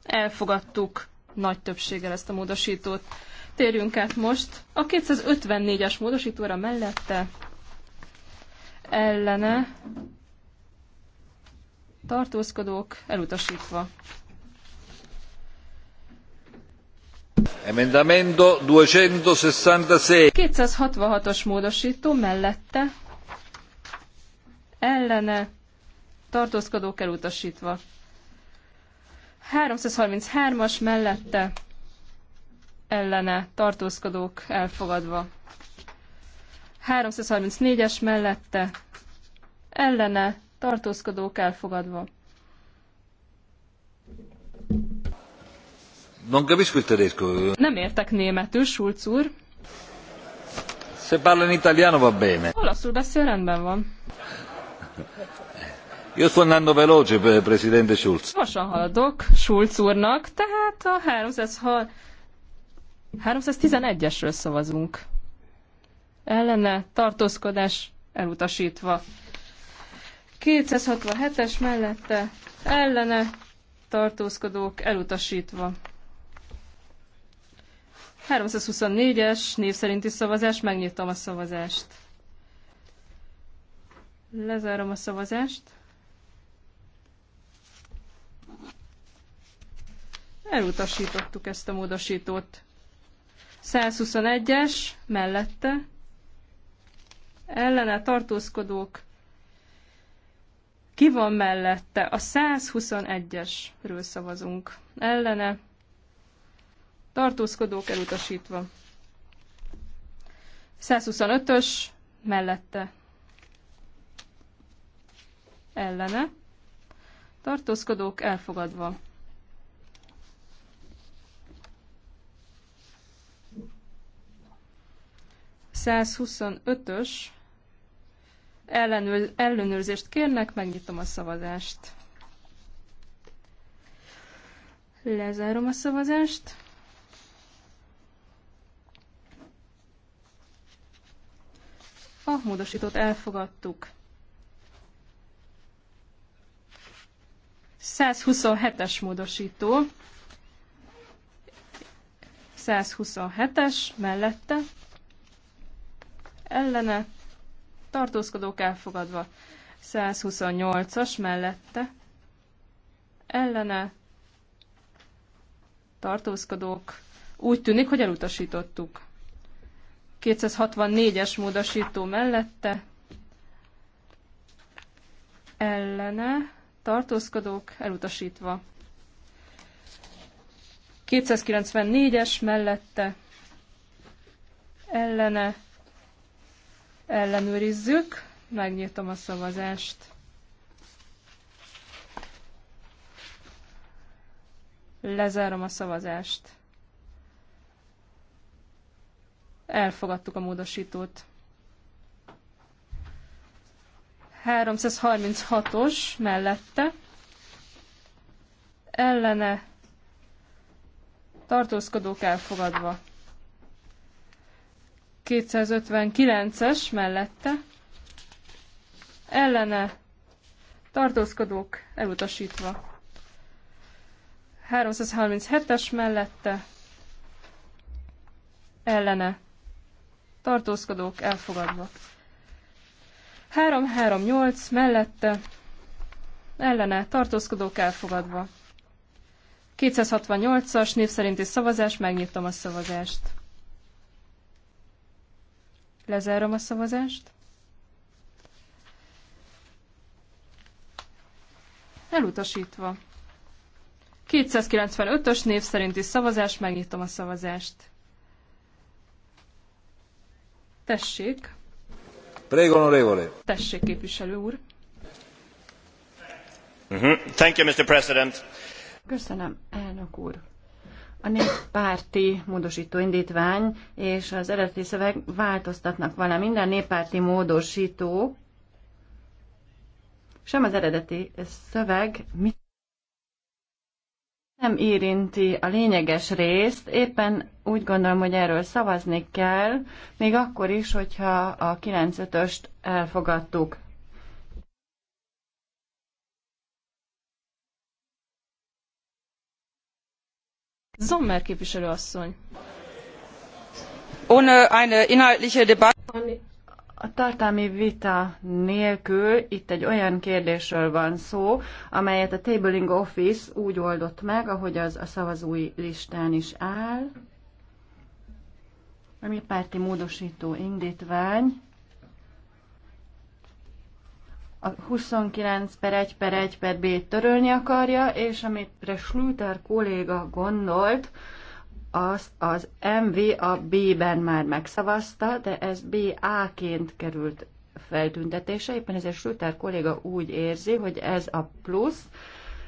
Elfogadtuk nagy többséggel ezt a módosítót. Térjünk át most a 254-es módosítóra mellette ellene tartózkodók elutasítva. Emendamento 266. 266-os módosító mellette ellene tartózkodók elutasítva. 333-as mellette ellene tartózkodók elfogadva. 334-es mellette ellene tartózkodók elfogadva. Nem értek németül, Schulz úr. Se parla in italiano va bene. Olaszul beszél, rendben van. Io sto andando veloce, eh, Presidente Schulz. Gyorsan haladok Schulz úrnak, tehát a 306... 311-esről szavazunk. Ellene tartózkodás elutasítva. 267-es mellette ellene tartózkodók elutasítva. 324-es név szerinti szavazás, megnyitom a szavazást. Lezárom a szavazást. Elutasítottuk ezt a módosítót. 121-es mellette ellene tartózkodók ki van mellette? A 121-esről szavazunk. Ellene. Tartózkodók elutasítva. 125-ös mellette. Ellene. Tartózkodók elfogadva. Százhuszonötös ellenőrzést kérnek, megnyitom a szavazást. Lezárom a szavazást. A módosítót elfogadtuk. 127-es módosító. 127-es mellette. Ellene tartózkodók elfogadva. 128-as mellette ellene tartózkodók. Úgy tűnik, hogy elutasítottuk. 264-es módosító mellette ellene tartózkodók elutasítva. 294-es mellette ellene ellenőrizzük. Megnyitom a szavazást. Lezárom a szavazást. Elfogadtuk a módosítót. 336-os mellette ellene tartózkodók elfogadva. 259-es mellette ellene tartózkodók elutasítva. 337-es mellette ellene tartózkodók elfogadva. 338 mellette ellene tartózkodók elfogadva. 268-as név szerinti szavazás, megnyitom a szavazást. Lezárom a szavazást. Elutasítva. 295-ös név szerinti szavazás, megnyitom a szavazást. Tessék. Prego, onorevole. Tessék, képviselő úr. Uh mm-hmm. -huh. Thank you, Mr. President. Köszönöm, elnök úr. A néppárti módosító indítvány és az eredeti szöveg változtatnak vele. Minden néppárti módosító, sem az eredeti szöveg nem érinti a lényeges részt, éppen úgy gondolom, hogy erről szavazni kell, még akkor is, hogyha a 95-öst elfogadtuk. Zommer képviselő asszony. A tartalmi vita nélkül itt egy olyan kérdésről van szó, amelyet a Tabling Office úgy oldott meg, ahogy az a szavazói listán is áll. Ami párti módosító indítvány a 29 per 1 per 1 per B-t törölni akarja, és amire Schlüter kolléga gondolt, azt az MV a B-ben már megszavazta, de ez BA-ként került feltüntetése, éppen ezért Schlüter kolléga úgy érzi, hogy ez a plusz,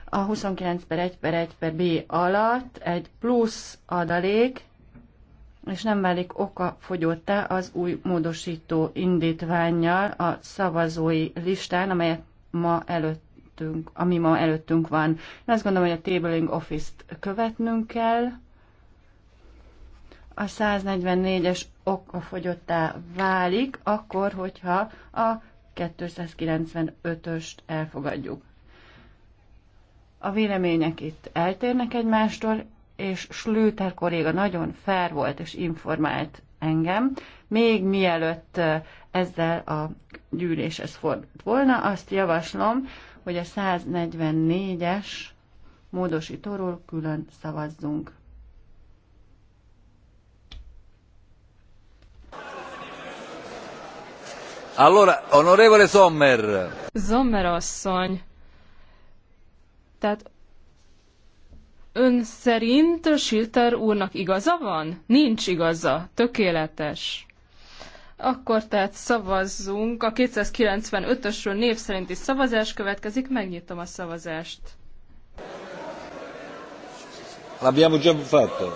a 29 per 1 per 1 per B alatt egy plusz adalék, és nem válik oka fogyottá az új módosító indítványjal a szavazói listán, amelyet ma előttünk, ami ma előttünk van. Én azt gondolom, hogy a Tabling Office-t követnünk kell. A 144-es oka fogyottá válik, akkor, hogyha a 295-öst elfogadjuk. A vélemények itt eltérnek egymástól, és Slüter kolléga nagyon fair volt és informált engem, még mielőtt ezzel a gyűléshez fordult volna, azt javaslom, hogy a 144-es módosítóról külön szavazzunk. Allora, onorevole Sommer. Sommer asszony. Tehát Ön szerint Schilter úrnak igaza van? Nincs igaza. Tökéletes. Akkor tehát szavazzunk. A 295-ösről név szerinti szavazás következik. Megnyitom a szavazást. L'abbiamo già fatto.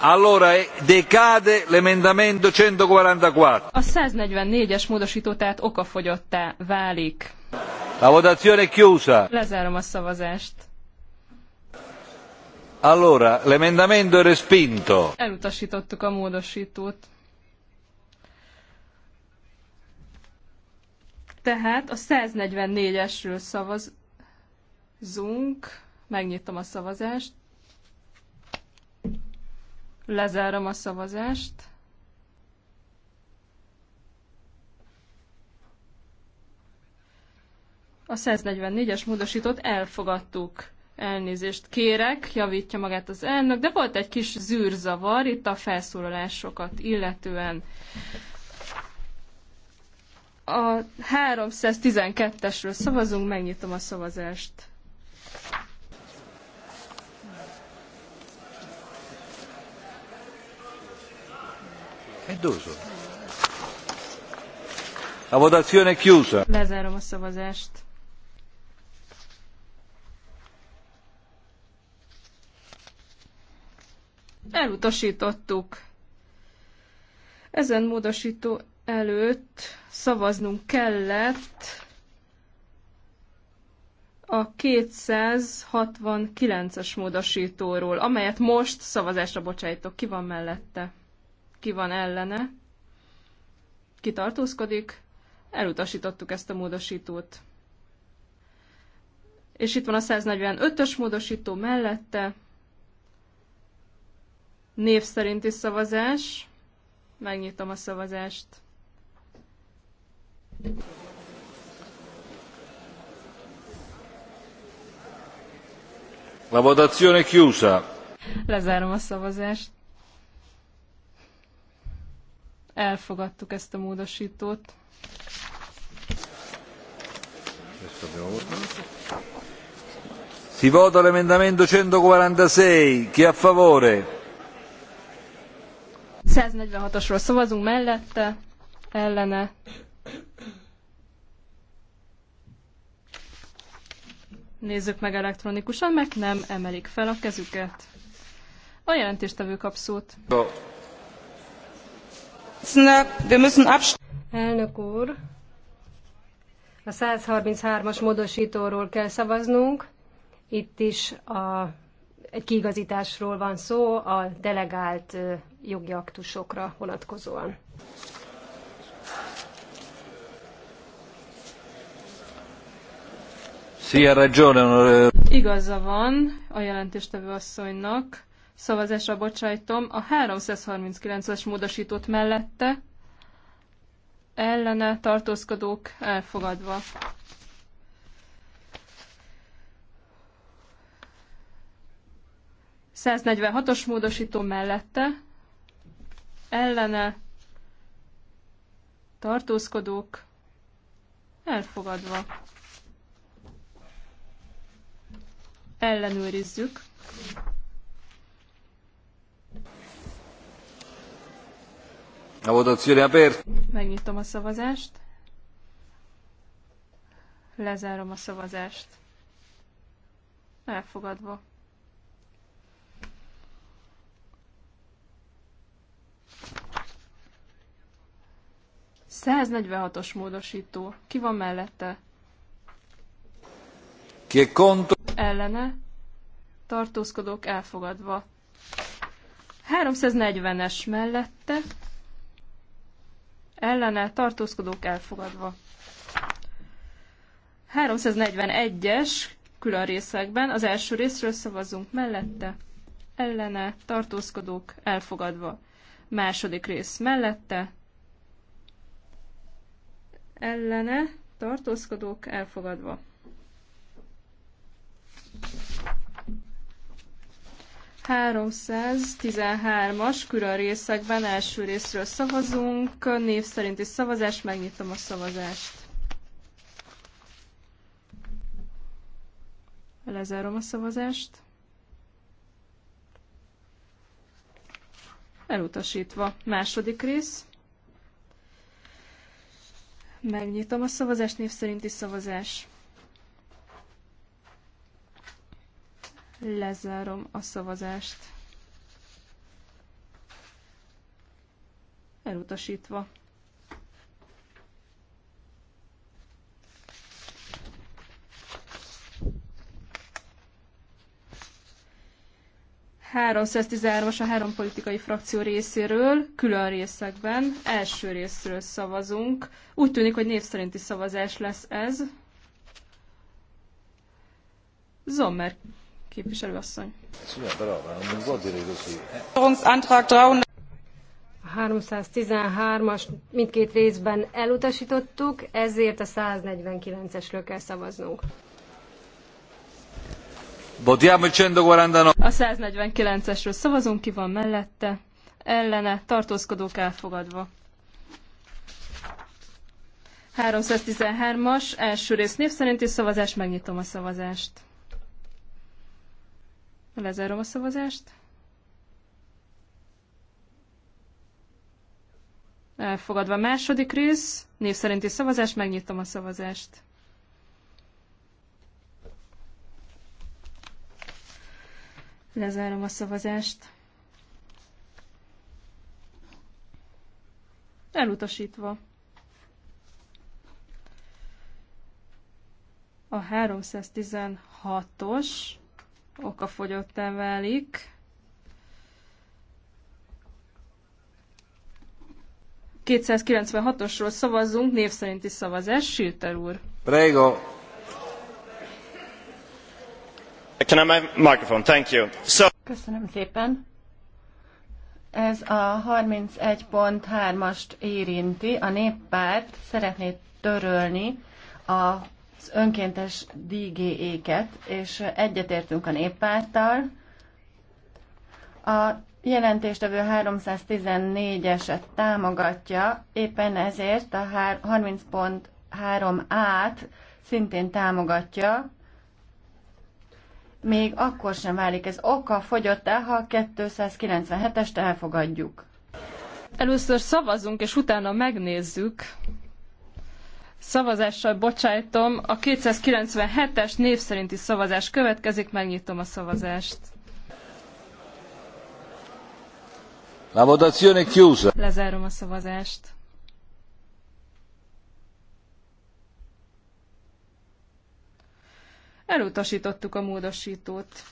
Allora eh, decade l'emendamento 144. A 144-es módosító tehát okafogyottá válik. La votazione è chiusa. Lezárom a szavazást. Allora, l'emendamento respinto. Elutasítottuk a módosítót. Tehát a 144-esről szavazunk. Megnyitom a szavazást. Lezárom a szavazást. A 144-es módosítót elfogadtuk. Elnézést kérek, javítja magát az elnök, de volt egy kis zűrzavar itt a felszólalásokat illetően. A 312-esről szavazunk, megnyitom a szavazást. dózó. A votazione chiusa. Lezárom a szavazást. Elutasítottuk. Ezen módosító előtt szavaznunk kellett a 269-es módosítóról, amelyet most szavazásra bocsájtok. Ki van mellette? Ki van ellene? Ki tartózkodik? Elutasítottuk ezt a módosítót. És itt van a 145-ös módosító mellette, Név szerinti szavazás. Megnyitom a szavazást. La votazione chiusa. Lezárom a szavazást. Elfogadtuk ezt a módosítót. Si vota l'emendamento 146. Chi a favore? 146-osról szavazunk mellette, ellene. Nézzük meg elektronikusan, meg nem emelik fel a kezüket. A jelentéstevő kap szót. Elnök úr, a 133-as módosítóról kell szavaznunk. Itt is a egy kiigazításról van szó a delegált jogi aktusokra vonatkozóan. Igaza van a jelentéstevő asszonynak. Szavazásra bocsájtom a 339-es módosítót mellette ellene tartózkodók elfogadva. 146-os módosító mellette ellene tartózkodók elfogadva. Ellenőrizzük. A votazione aperta. Megnyitom a szavazást. Lezárom a szavazást. Elfogadva. 146-os módosító. Ki van mellette? Ki Ellene. Tartózkodók elfogadva. 340-es mellette. Ellene. Tartózkodók elfogadva. 341-es külön részekben. Az első részről szavazzunk mellette. Ellene. Tartózkodók elfogadva. Második rész mellette ellene tartózkodók elfogadva. as külön részekben első részről szavazunk, név szerinti szavazás, megnyitom a szavazást. Lezárom a szavazást. Elutasítva. Második rész. Megnyitom a szavazást, név szerinti szavazás. Lezárom a szavazást. Elutasítva. 313-as a három politikai frakció részéről, külön részekben, első részről szavazunk. Úgy tűnik, hogy név szerinti szavazás lesz ez. Zommer képviselőasszony. A 313-as mindkét részben elutasítottuk, ezért a 149-esről kell szavaznunk. Votiamo il 149. A 149-esről szavazunk, ki van mellette, ellene, tartózkodók elfogadva. 313-as, első rész név szerinti szavazás, megnyitom a szavazást. Lezárom a szavazást. Elfogadva második rész, név szerinti szavazás, megnyitom a szavazást. Lezárom a szavazást. Elutasítva. A 316-os okafogyottá válik. 296-osról szavazzunk, név szerinti szavazás, Sülter úr. Prego. Köszönöm szépen. Ez a 31.3-ast érinti. A néppárt szeretné törölni az önkéntes DGE-ket, és egyetértünk a néppárttal. A jelentéstevő 314-eset támogatja, éppen ezért a 30.3-át szintén támogatja, még akkor sem válik ez oka el, ha a 297-est elfogadjuk. Először szavazunk, és utána megnézzük. Szavazással bocsájtom, a 297-es név szerinti szavazás következik, megnyitom a szavazást. La votazione chiusa. Lezárom a szavazást. Elutasítottuk a módosítót.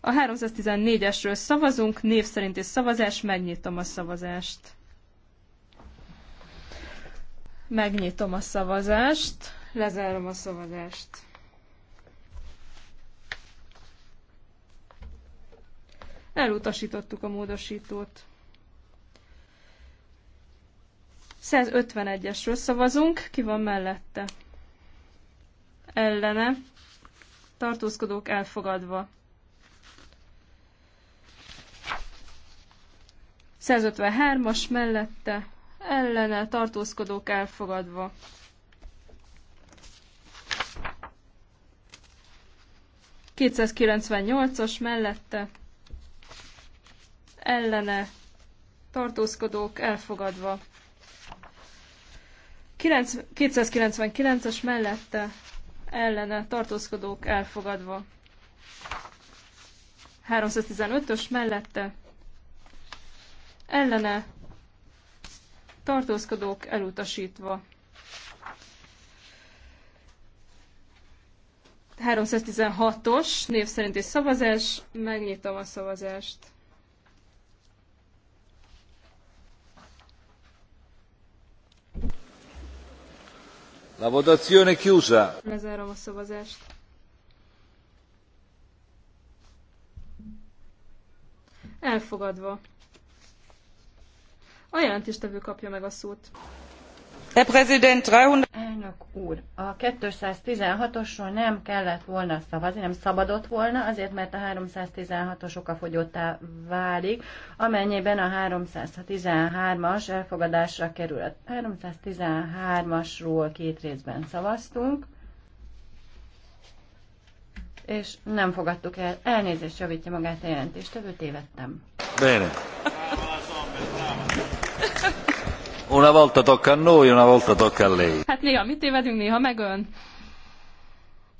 A 314-esről szavazunk, név szerinti szavazás, megnyitom a szavazást. Megnyitom a szavazást, lezárom a szavazást. Elutasítottuk a módosítót. 151-esről szavazunk, ki van mellette? ellene tartózkodók elfogadva. 153-as mellette ellene tartózkodók elfogadva. as mellette ellene tartózkodók elfogadva. 299-es mellette ellene tartózkodók elfogadva. 315-ös mellette ellene tartózkodók elutasítva. 316-os név szerinti szavazás, megnyitom a szavazást. La votazione chiusa. Lezárom a szavazást. Elfogadva. A jelentéstevő kapja meg a szót. Herr Präsident, 300... Elnök úr, a 216-osról nem kellett volna szavazni, nem szabadott volna, azért mert a 316 a fogyottá válik, amennyiben a 313-as elfogadásra kerül. A 313-asról két részben szavaztunk, és nem fogadtuk el. Elnézést javítja magát a jelentést, tévedtem. Bene. Una volta tocca a noi, una volta tocca a lei. Hát néha mit tévedünk, néha meg ön.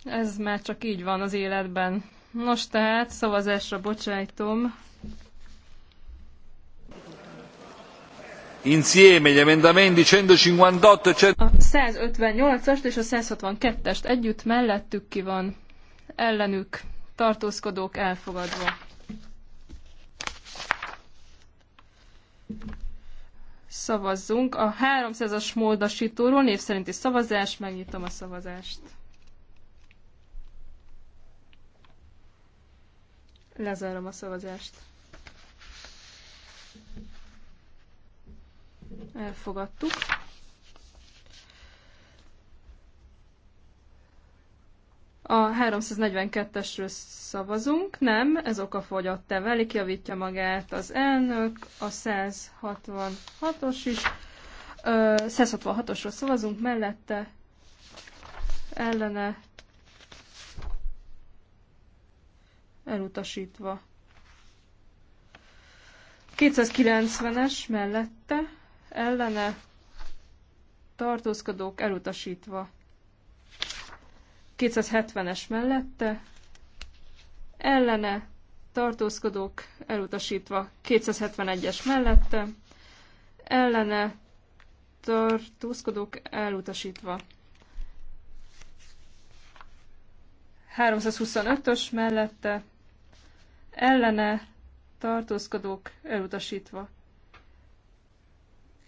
Ez már csak így van az életben. Nos tehát, szavazásra bocsájtom. Insieme gli emendamenti 158 e 158-ast és a 162-est együtt mellettük ki van. Ellenük tartózkodók elfogadva szavazzunk. A 300-as módosítóról név szerinti szavazás, megnyitom a szavazást. Lezárom a szavazást. Elfogadtuk. A 342-esről szavazunk, nem, ez okafogyott-e, válik, javítja magát az elnök, a 166-os is, 166-osról szavazunk, mellette, ellene, elutasítva. 290-es mellette, ellene, tartózkodók elutasítva. 270-es mellette, ellene tartózkodók elutasítva 271-es mellette, ellene tartózkodók elutasítva 325-ös mellette, ellene tartózkodók elutasítva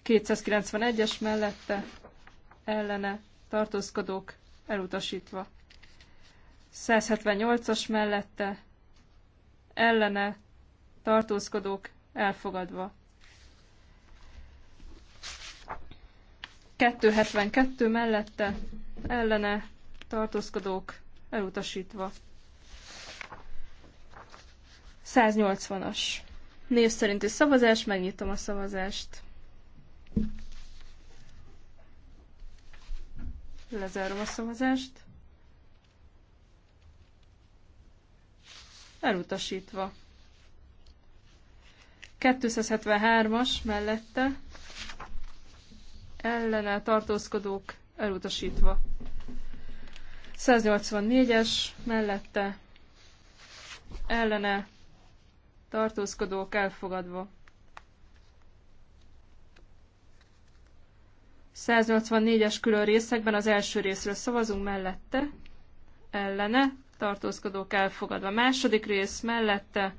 291-es mellette, ellene tartózkodók elutasítva 178-as mellette ellene tartózkodók elfogadva. 272 mellette ellene tartózkodók elutasítva. 180-as. Név szerinti szavazás, megnyitom a szavazást. Lezárom a szavazást. elutasítva. 273-as mellette ellene tartózkodók elutasítva. 184-es mellette ellene tartózkodók elfogadva. 184-es külön részekben az első részről szavazunk mellette, ellene, tartózkodók elfogadva. Második rész mellette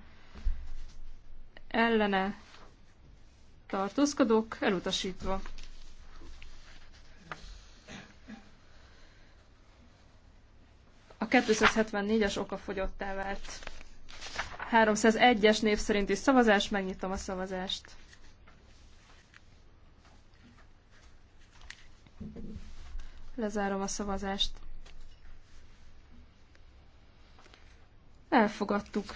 ellene tartózkodók elutasítva. A 274-es fogyottá vált. 301-es név szerinti szavazás, megnyitom a szavazást. Lezárom a szavazást. Elfogadtuk.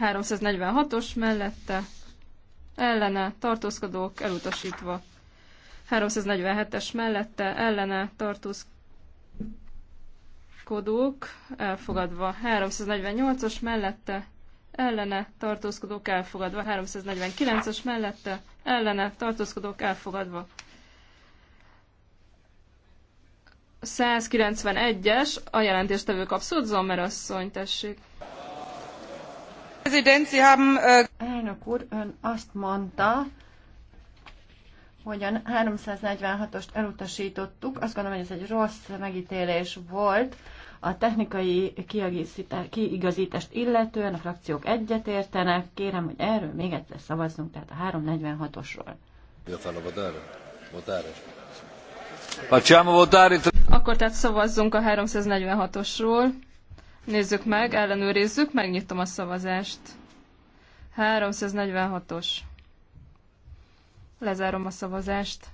346-os mellette ellene tartózkodók elutasítva. 347-es mellette ellene tartózkodók elfogadva. 348-as mellette ellene tartózkodók elfogadva. 349-es mellette ellene tartózkodók elfogadva. 191-es, a jelentéstevő kapszót, Zomer asszony, tessék. Äh, Elnök úr, ön azt mondta, hogy a 346-ost elutasítottuk. Azt gondolom, hogy ez egy rossz megítélés volt. A technikai kiigazítást illetően a frakciók egyetértenek. Kérem, hogy erről még egyszer szavazzunk, tehát a 346-osról. Ja, fel a akkor tehát szavazzunk a 346-osról. Nézzük meg, ellenőrizzük, megnyitom a szavazást. 346-os. Lezárom a szavazást.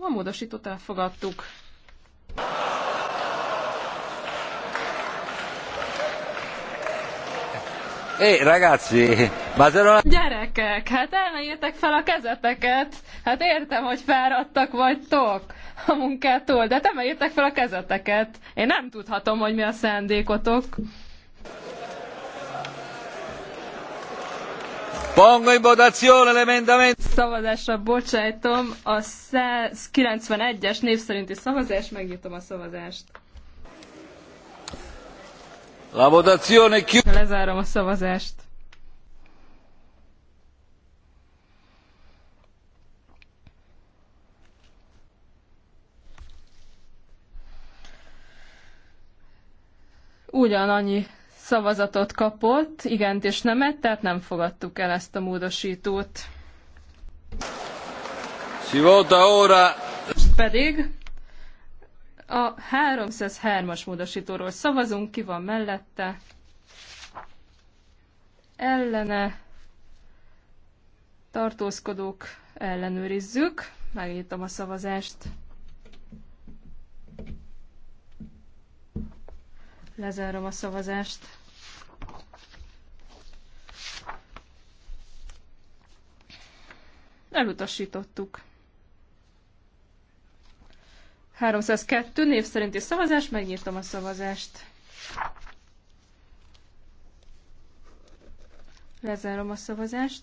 A módosítót elfogadtuk. Hey, ragazzi, ma se Gyerekek, hát emeljétek fel a kezeteket. Hát értem, hogy fáradtak vagytok a munkától, de hát emeljétek fel a kezeteket. Én nem tudhatom, hogy mi a szándékotok. Pongo in votazione l'emendamento. Szavazásra bocsájtom a 191-es név szerinti szavazás, megnyitom a szavazást. La votazione chiusa. Lezárom a szavazást. Ugyanannyi szavazatot kapott, igent és nemet, tehát nem fogadtuk el ezt a módosítót. Si vota ora. óra. pedig a 303-as módosítóról szavazunk, ki van mellette, ellene, tartózkodók ellenőrizzük. Megnyitom a szavazást. Lezárom a szavazást. Elutasítottuk. 302 név szerinti szavazás, megnyitom a szavazást. Lezárom a szavazást.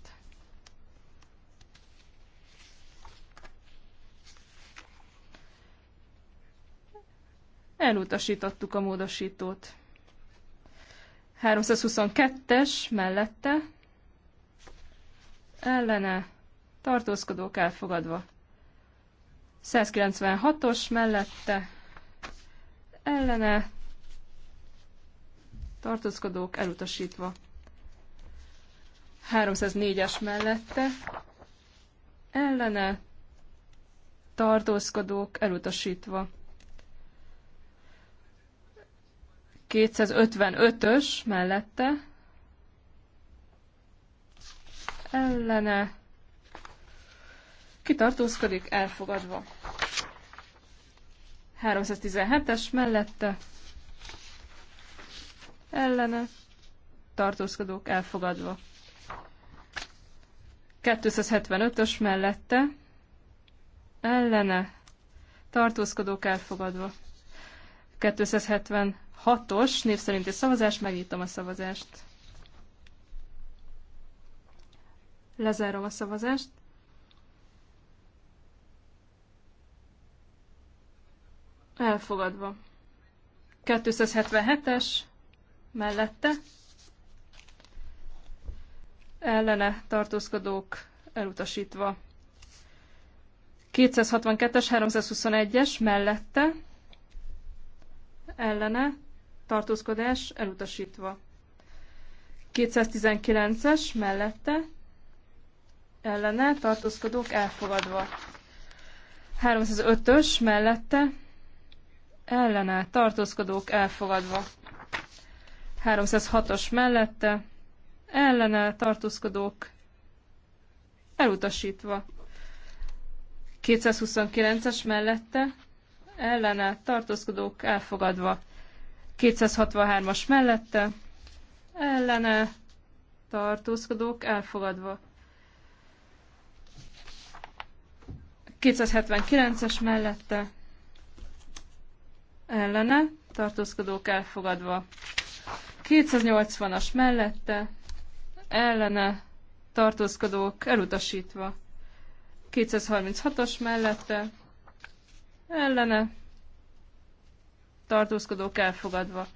Elutasítottuk a módosítót. 322-es mellette ellene tartózkodók elfogadva. 196-os mellette ellene tartózkodók elutasítva. 304-es mellette ellene tartózkodók elutasítva. 255-ös mellette ellene kitartózkodik, elfogadva. 317-es mellette ellene tartózkodók elfogadva. 275-ös mellette ellene tartózkodók elfogadva. 276-os név szerinti szavazás, megnyitom a szavazást. Lezárom a szavazást. Elfogadva. 277-es mellette ellene tartózkodók elutasítva. 262-es, 321-es mellette ellene tartózkodás elutasítva. 219-es mellette ellene tartózkodók elfogadva. 305-ös mellette ellene tartózkodók elfogadva. 306-os mellette ellene tartózkodók elutasítva. 229-es mellette ellene tartózkodók elfogadva. 263-as mellette ellene tartózkodók elfogadva. 279-es mellette ellene, tartózkodók elfogadva. 280-as mellette, ellene, tartózkodók elutasítva. 236-os mellette, ellene, tartózkodók elfogadva.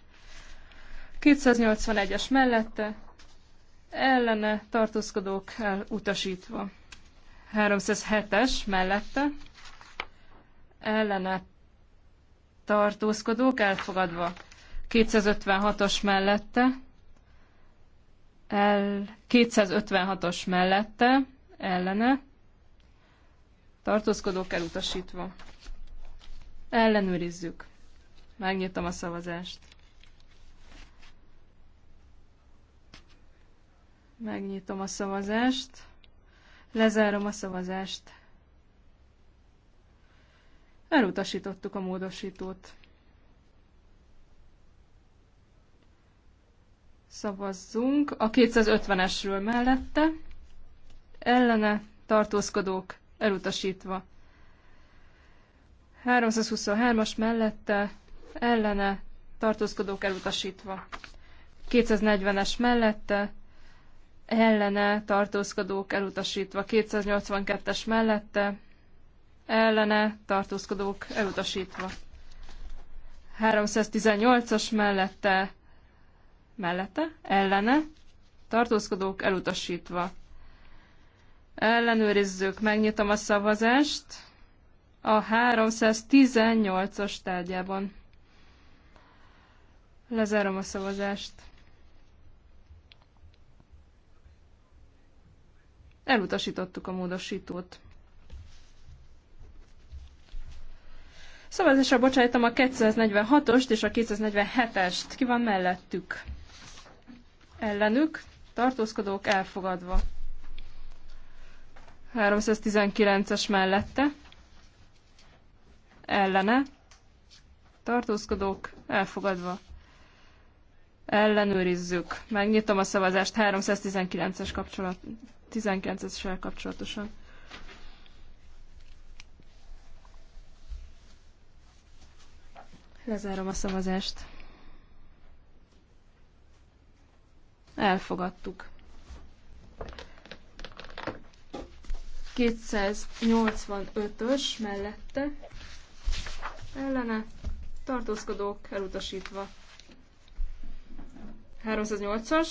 281-es mellette, ellene, tartózkodók elutasítva. 307-es mellette, ellene, tartózkodók elfogadva. 256-os mellette, el, 256-os mellette, ellene, tartózkodók elutasítva. Ellenőrizzük. Megnyitom a szavazást. Megnyitom a szavazást. Lezárom a szavazást. Elutasítottuk a módosítót. Szavazzunk a 250-esről mellette. Ellene tartózkodók elutasítva. 323-as mellette ellene tartózkodók elutasítva. 240-es mellette ellene tartózkodók elutasítva. 282-es mellette ellene tartózkodók elutasítva. 318-as mellette, mellette, ellene, tartózkodók elutasítva. Ellenőrizzük, megnyitom a szavazást a 318-as tárgyában. Lezárom a szavazást. Elutasítottuk a módosítót. Szavazásra bocsájtom a 246-ost és a 247-est. Ki van mellettük? Ellenük. Tartózkodók elfogadva. 319-es mellette. Ellene. Tartózkodók elfogadva. Ellenőrizzük. Megnyitom a szavazást 319-es kapcsolat, 19-essel kapcsolatosan. Lezárom a szavazást. Elfogadtuk. 285-ös mellette ellene tartózkodók elutasítva. 308-as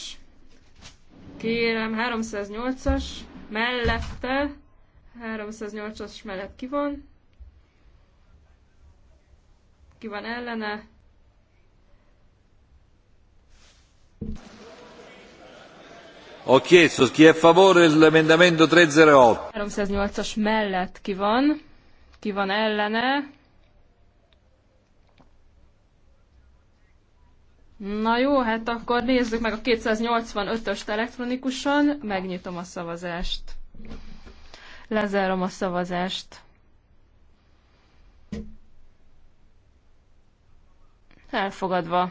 kérem 308-as mellette 308-as mellett ki van ki van ellene. Ho chiesto chi è a favore dell'emendamento 308. 308-as mellett ki van, ki van ellene. Na jó, hát akkor nézzük meg a 285-öst elektronikusan, megnyitom a szavazást. Lezárom a szavazást. Elfogadva.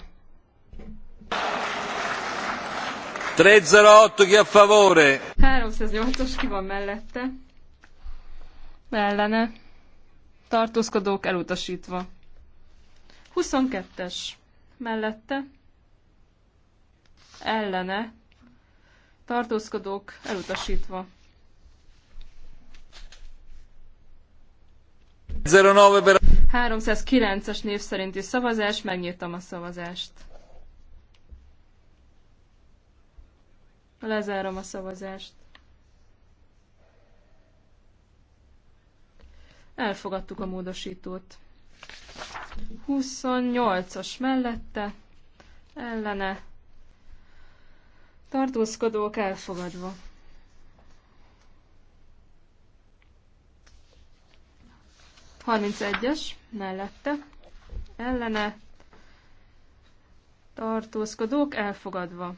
308 ki a favore. 308-os ki van mellette. Ellene. Tartózkodók elutasítva. 22-es. Mellette. Ellene. Tartózkodók elutasítva. 09 309-es név szerinti szavazás, megnyitom a szavazást. Lezárom a szavazást. Elfogadtuk a módosítót. 28-as mellette, ellene, tartózkodók elfogadva. 31-es mellette ellene tartózkodók elfogadva.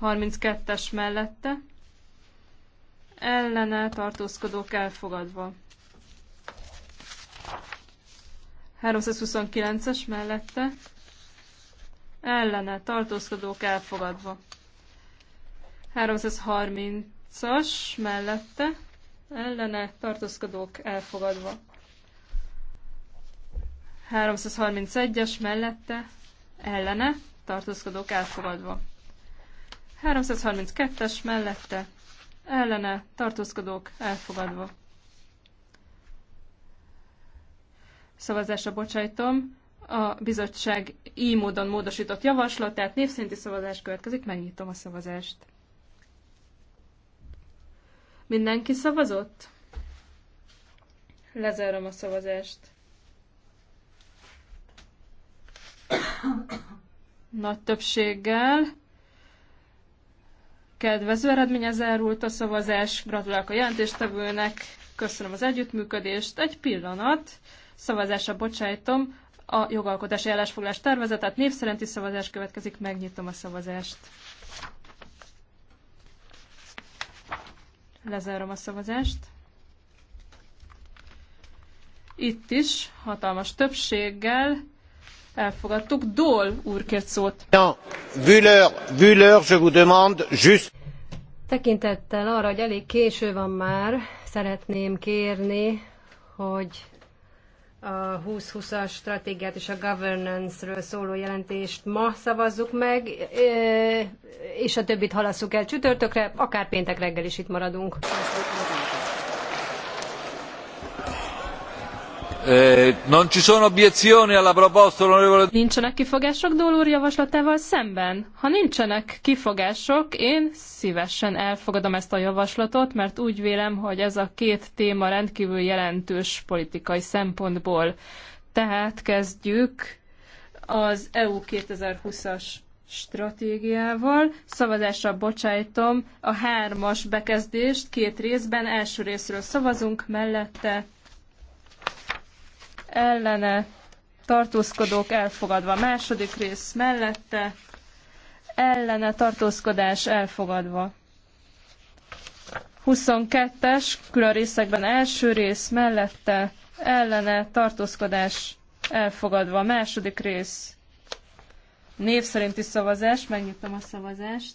32-es mellette ellene tartózkodók elfogadva. 329-es mellette ellene tartózkodók elfogadva. 330-as mellette ellene tartózkodók elfogadva. 331-es mellette ellene tartózkodók elfogadva. 332-es mellette ellene tartózkodók elfogadva. Szavazásra bocsájtom a bizottság így módon módosított javaslatát. Név szavazás következik, megnyitom a szavazást. Mindenki szavazott? Lezárom a szavazást. Nagy többséggel. Kedvező eredménye zárult a szavazás. Gratulálok a jelentéstevőnek. Köszönöm az együttműködést. Egy pillanat. Szavazásra bocsájtom. A jogalkotási állásfoglás tervezetet név szerinti szavazás következik. Megnyitom a szavazást. Lezárom a szavazást. Itt is hatalmas többséggel elfogadtuk. Dól úr kért szót. Non, Vüller, je vous demande juste... Tekintettel arra, hogy elég késő van már, szeretném kérni, hogy a 2020-as stratégiát és a governance-ről szóló jelentést ma szavazzuk meg, e, és a többit halasszuk el csütörtökre, akár péntek reggel is itt maradunk. Eh, non ci sono obiezioni alla proposta, onorevole... Nincsenek kifogások Dól úr javaslatával szemben? Ha nincsenek kifogások, én szívesen elfogadom ezt a javaslatot, mert úgy vélem, hogy ez a két téma rendkívül jelentős politikai szempontból. Tehát kezdjük az EU 2020-as stratégiával. Szavazásra bocsájtom a hármas bekezdést két részben. Első részről szavazunk, mellette ellene tartózkodók elfogadva. Második rész mellette ellene tartózkodás elfogadva. 22-es külön részekben első rész mellette ellene tartózkodás elfogadva. Második rész név szerinti szavazás. Megnyitom a szavazást.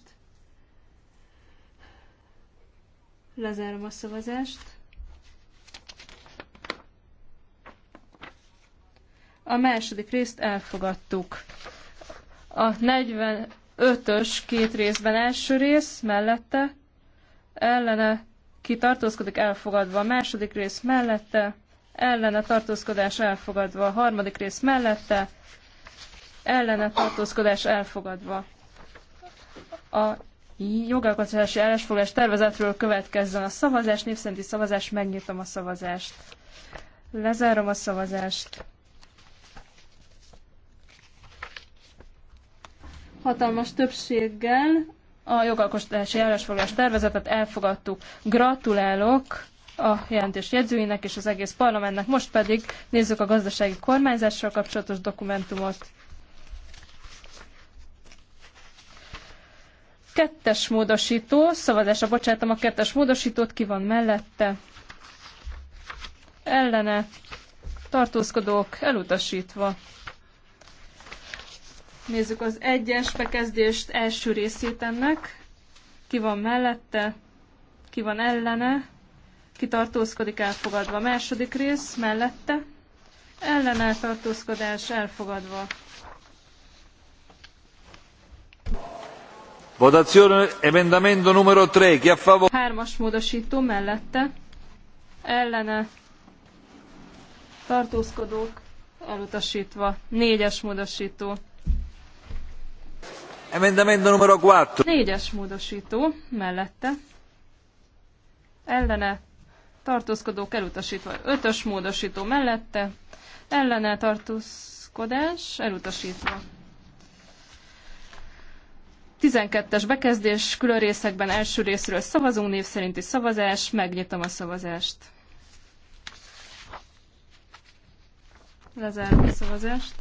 Lezárom a szavazást. A második részt elfogadtuk. A 45-ös két részben első rész mellette ellene kitartózkodik elfogadva. A második rész mellette ellene tartózkodás elfogadva. A harmadik rész mellette ellene tartózkodás elfogadva. A jogalkotási állásfoglalás tervezetről következzen a szavazás, népszerinti szavazás, megnyitom a szavazást. Lezárom a szavazást. hatalmas többséggel a jogalkotási állásfoglalás tervezetet elfogadtuk. Gratulálok a jelentés jegyzőinek és az egész parlamentnek. Most pedig nézzük a gazdasági kormányzással kapcsolatos dokumentumot. Kettes módosító, szavazásra bocsátom a kettes módosítót, ki van mellette? Ellene, tartózkodók, elutasítva. Nézzük az egyes bekezdést első részét ennek. Ki van mellette, ki van ellene, ki tartózkodik elfogadva. Második rész mellette, ellene tartózkodás elfogadva. Votazione emendamento numero 3, chi a favore? Hármas módosító mellette, ellene tartózkodók elutasítva. Négyes módosító Emendamento numero 4. Négyes módosító mellette. Ellene tartózkodók elutasítva. Ötös módosító mellette. Ellene tartózkodás elutasítva. 12-es bekezdés, külön részekben első részről szavazunk, név szerinti szavazás, megnyitom a szavazást. Lezárom a szavazást.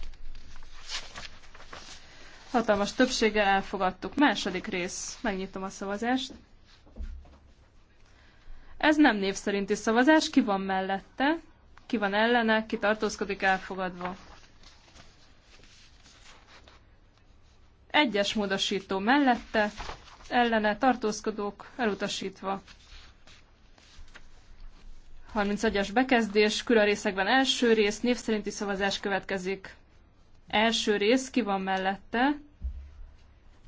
Hatalmas többsége elfogadtuk. Második rész. Megnyitom a szavazást. Ez nem név szerinti szavazás. Ki van mellette? Ki van ellene? Ki tartózkodik elfogadva? Egyes módosító mellette, ellene tartózkodók elutasítva. 31-es bekezdés, külön részekben első rész, név szerinti szavazás következik. Első rész ki van mellette,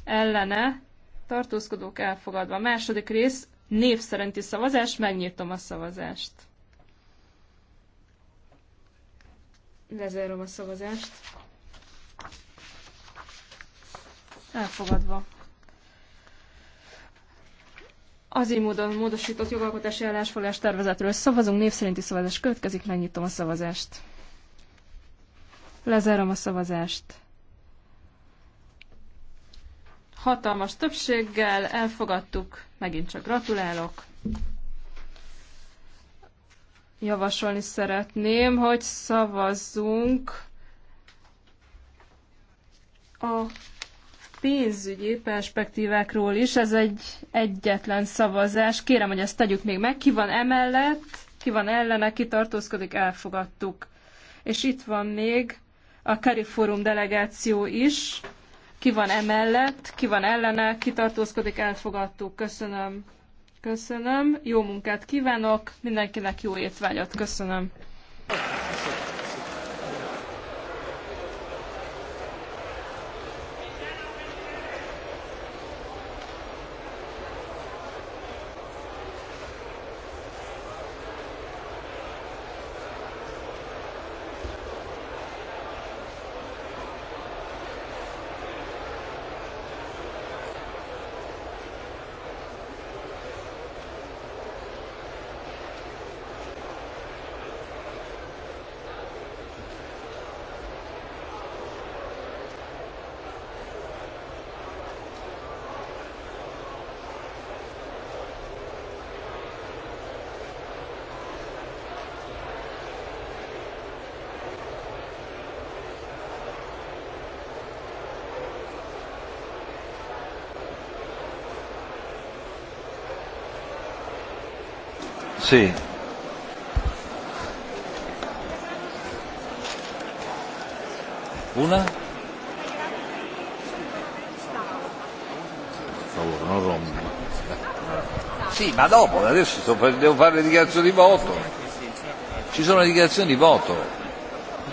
ellene, tartózkodók elfogadva. Második rész név szerinti szavazás, megnyitom a szavazást. Lezárom a szavazást. Elfogadva. Az így módon módosított jogalkotási állásfoglalás tervezetről szavazunk, név szerinti szavazás következik, megnyitom a szavazást. Lezárom a szavazást. Hatalmas többséggel elfogadtuk, megint csak gratulálok. Javasolni szeretném, hogy szavazzunk a pénzügyi perspektívákról is. Ez egy egyetlen szavazás. Kérem, hogy ezt tegyük még meg. Ki van emellett, ki van ellene, ki tartózkodik, elfogadtuk. És itt van még a Cariforum delegáció is. Ki van emellett, ki van ellene, ki tartózkodik, elfogadtuk. Köszönöm. Köszönöm. Jó munkát kívánok. Mindenkinek jó étvágyat. Köszönöm. Sí. Una. favore, non rompo. Sì, ma dopo, adesso devo fare le dichiarazioni di voto. Ci sono le dichiarazioni di voto.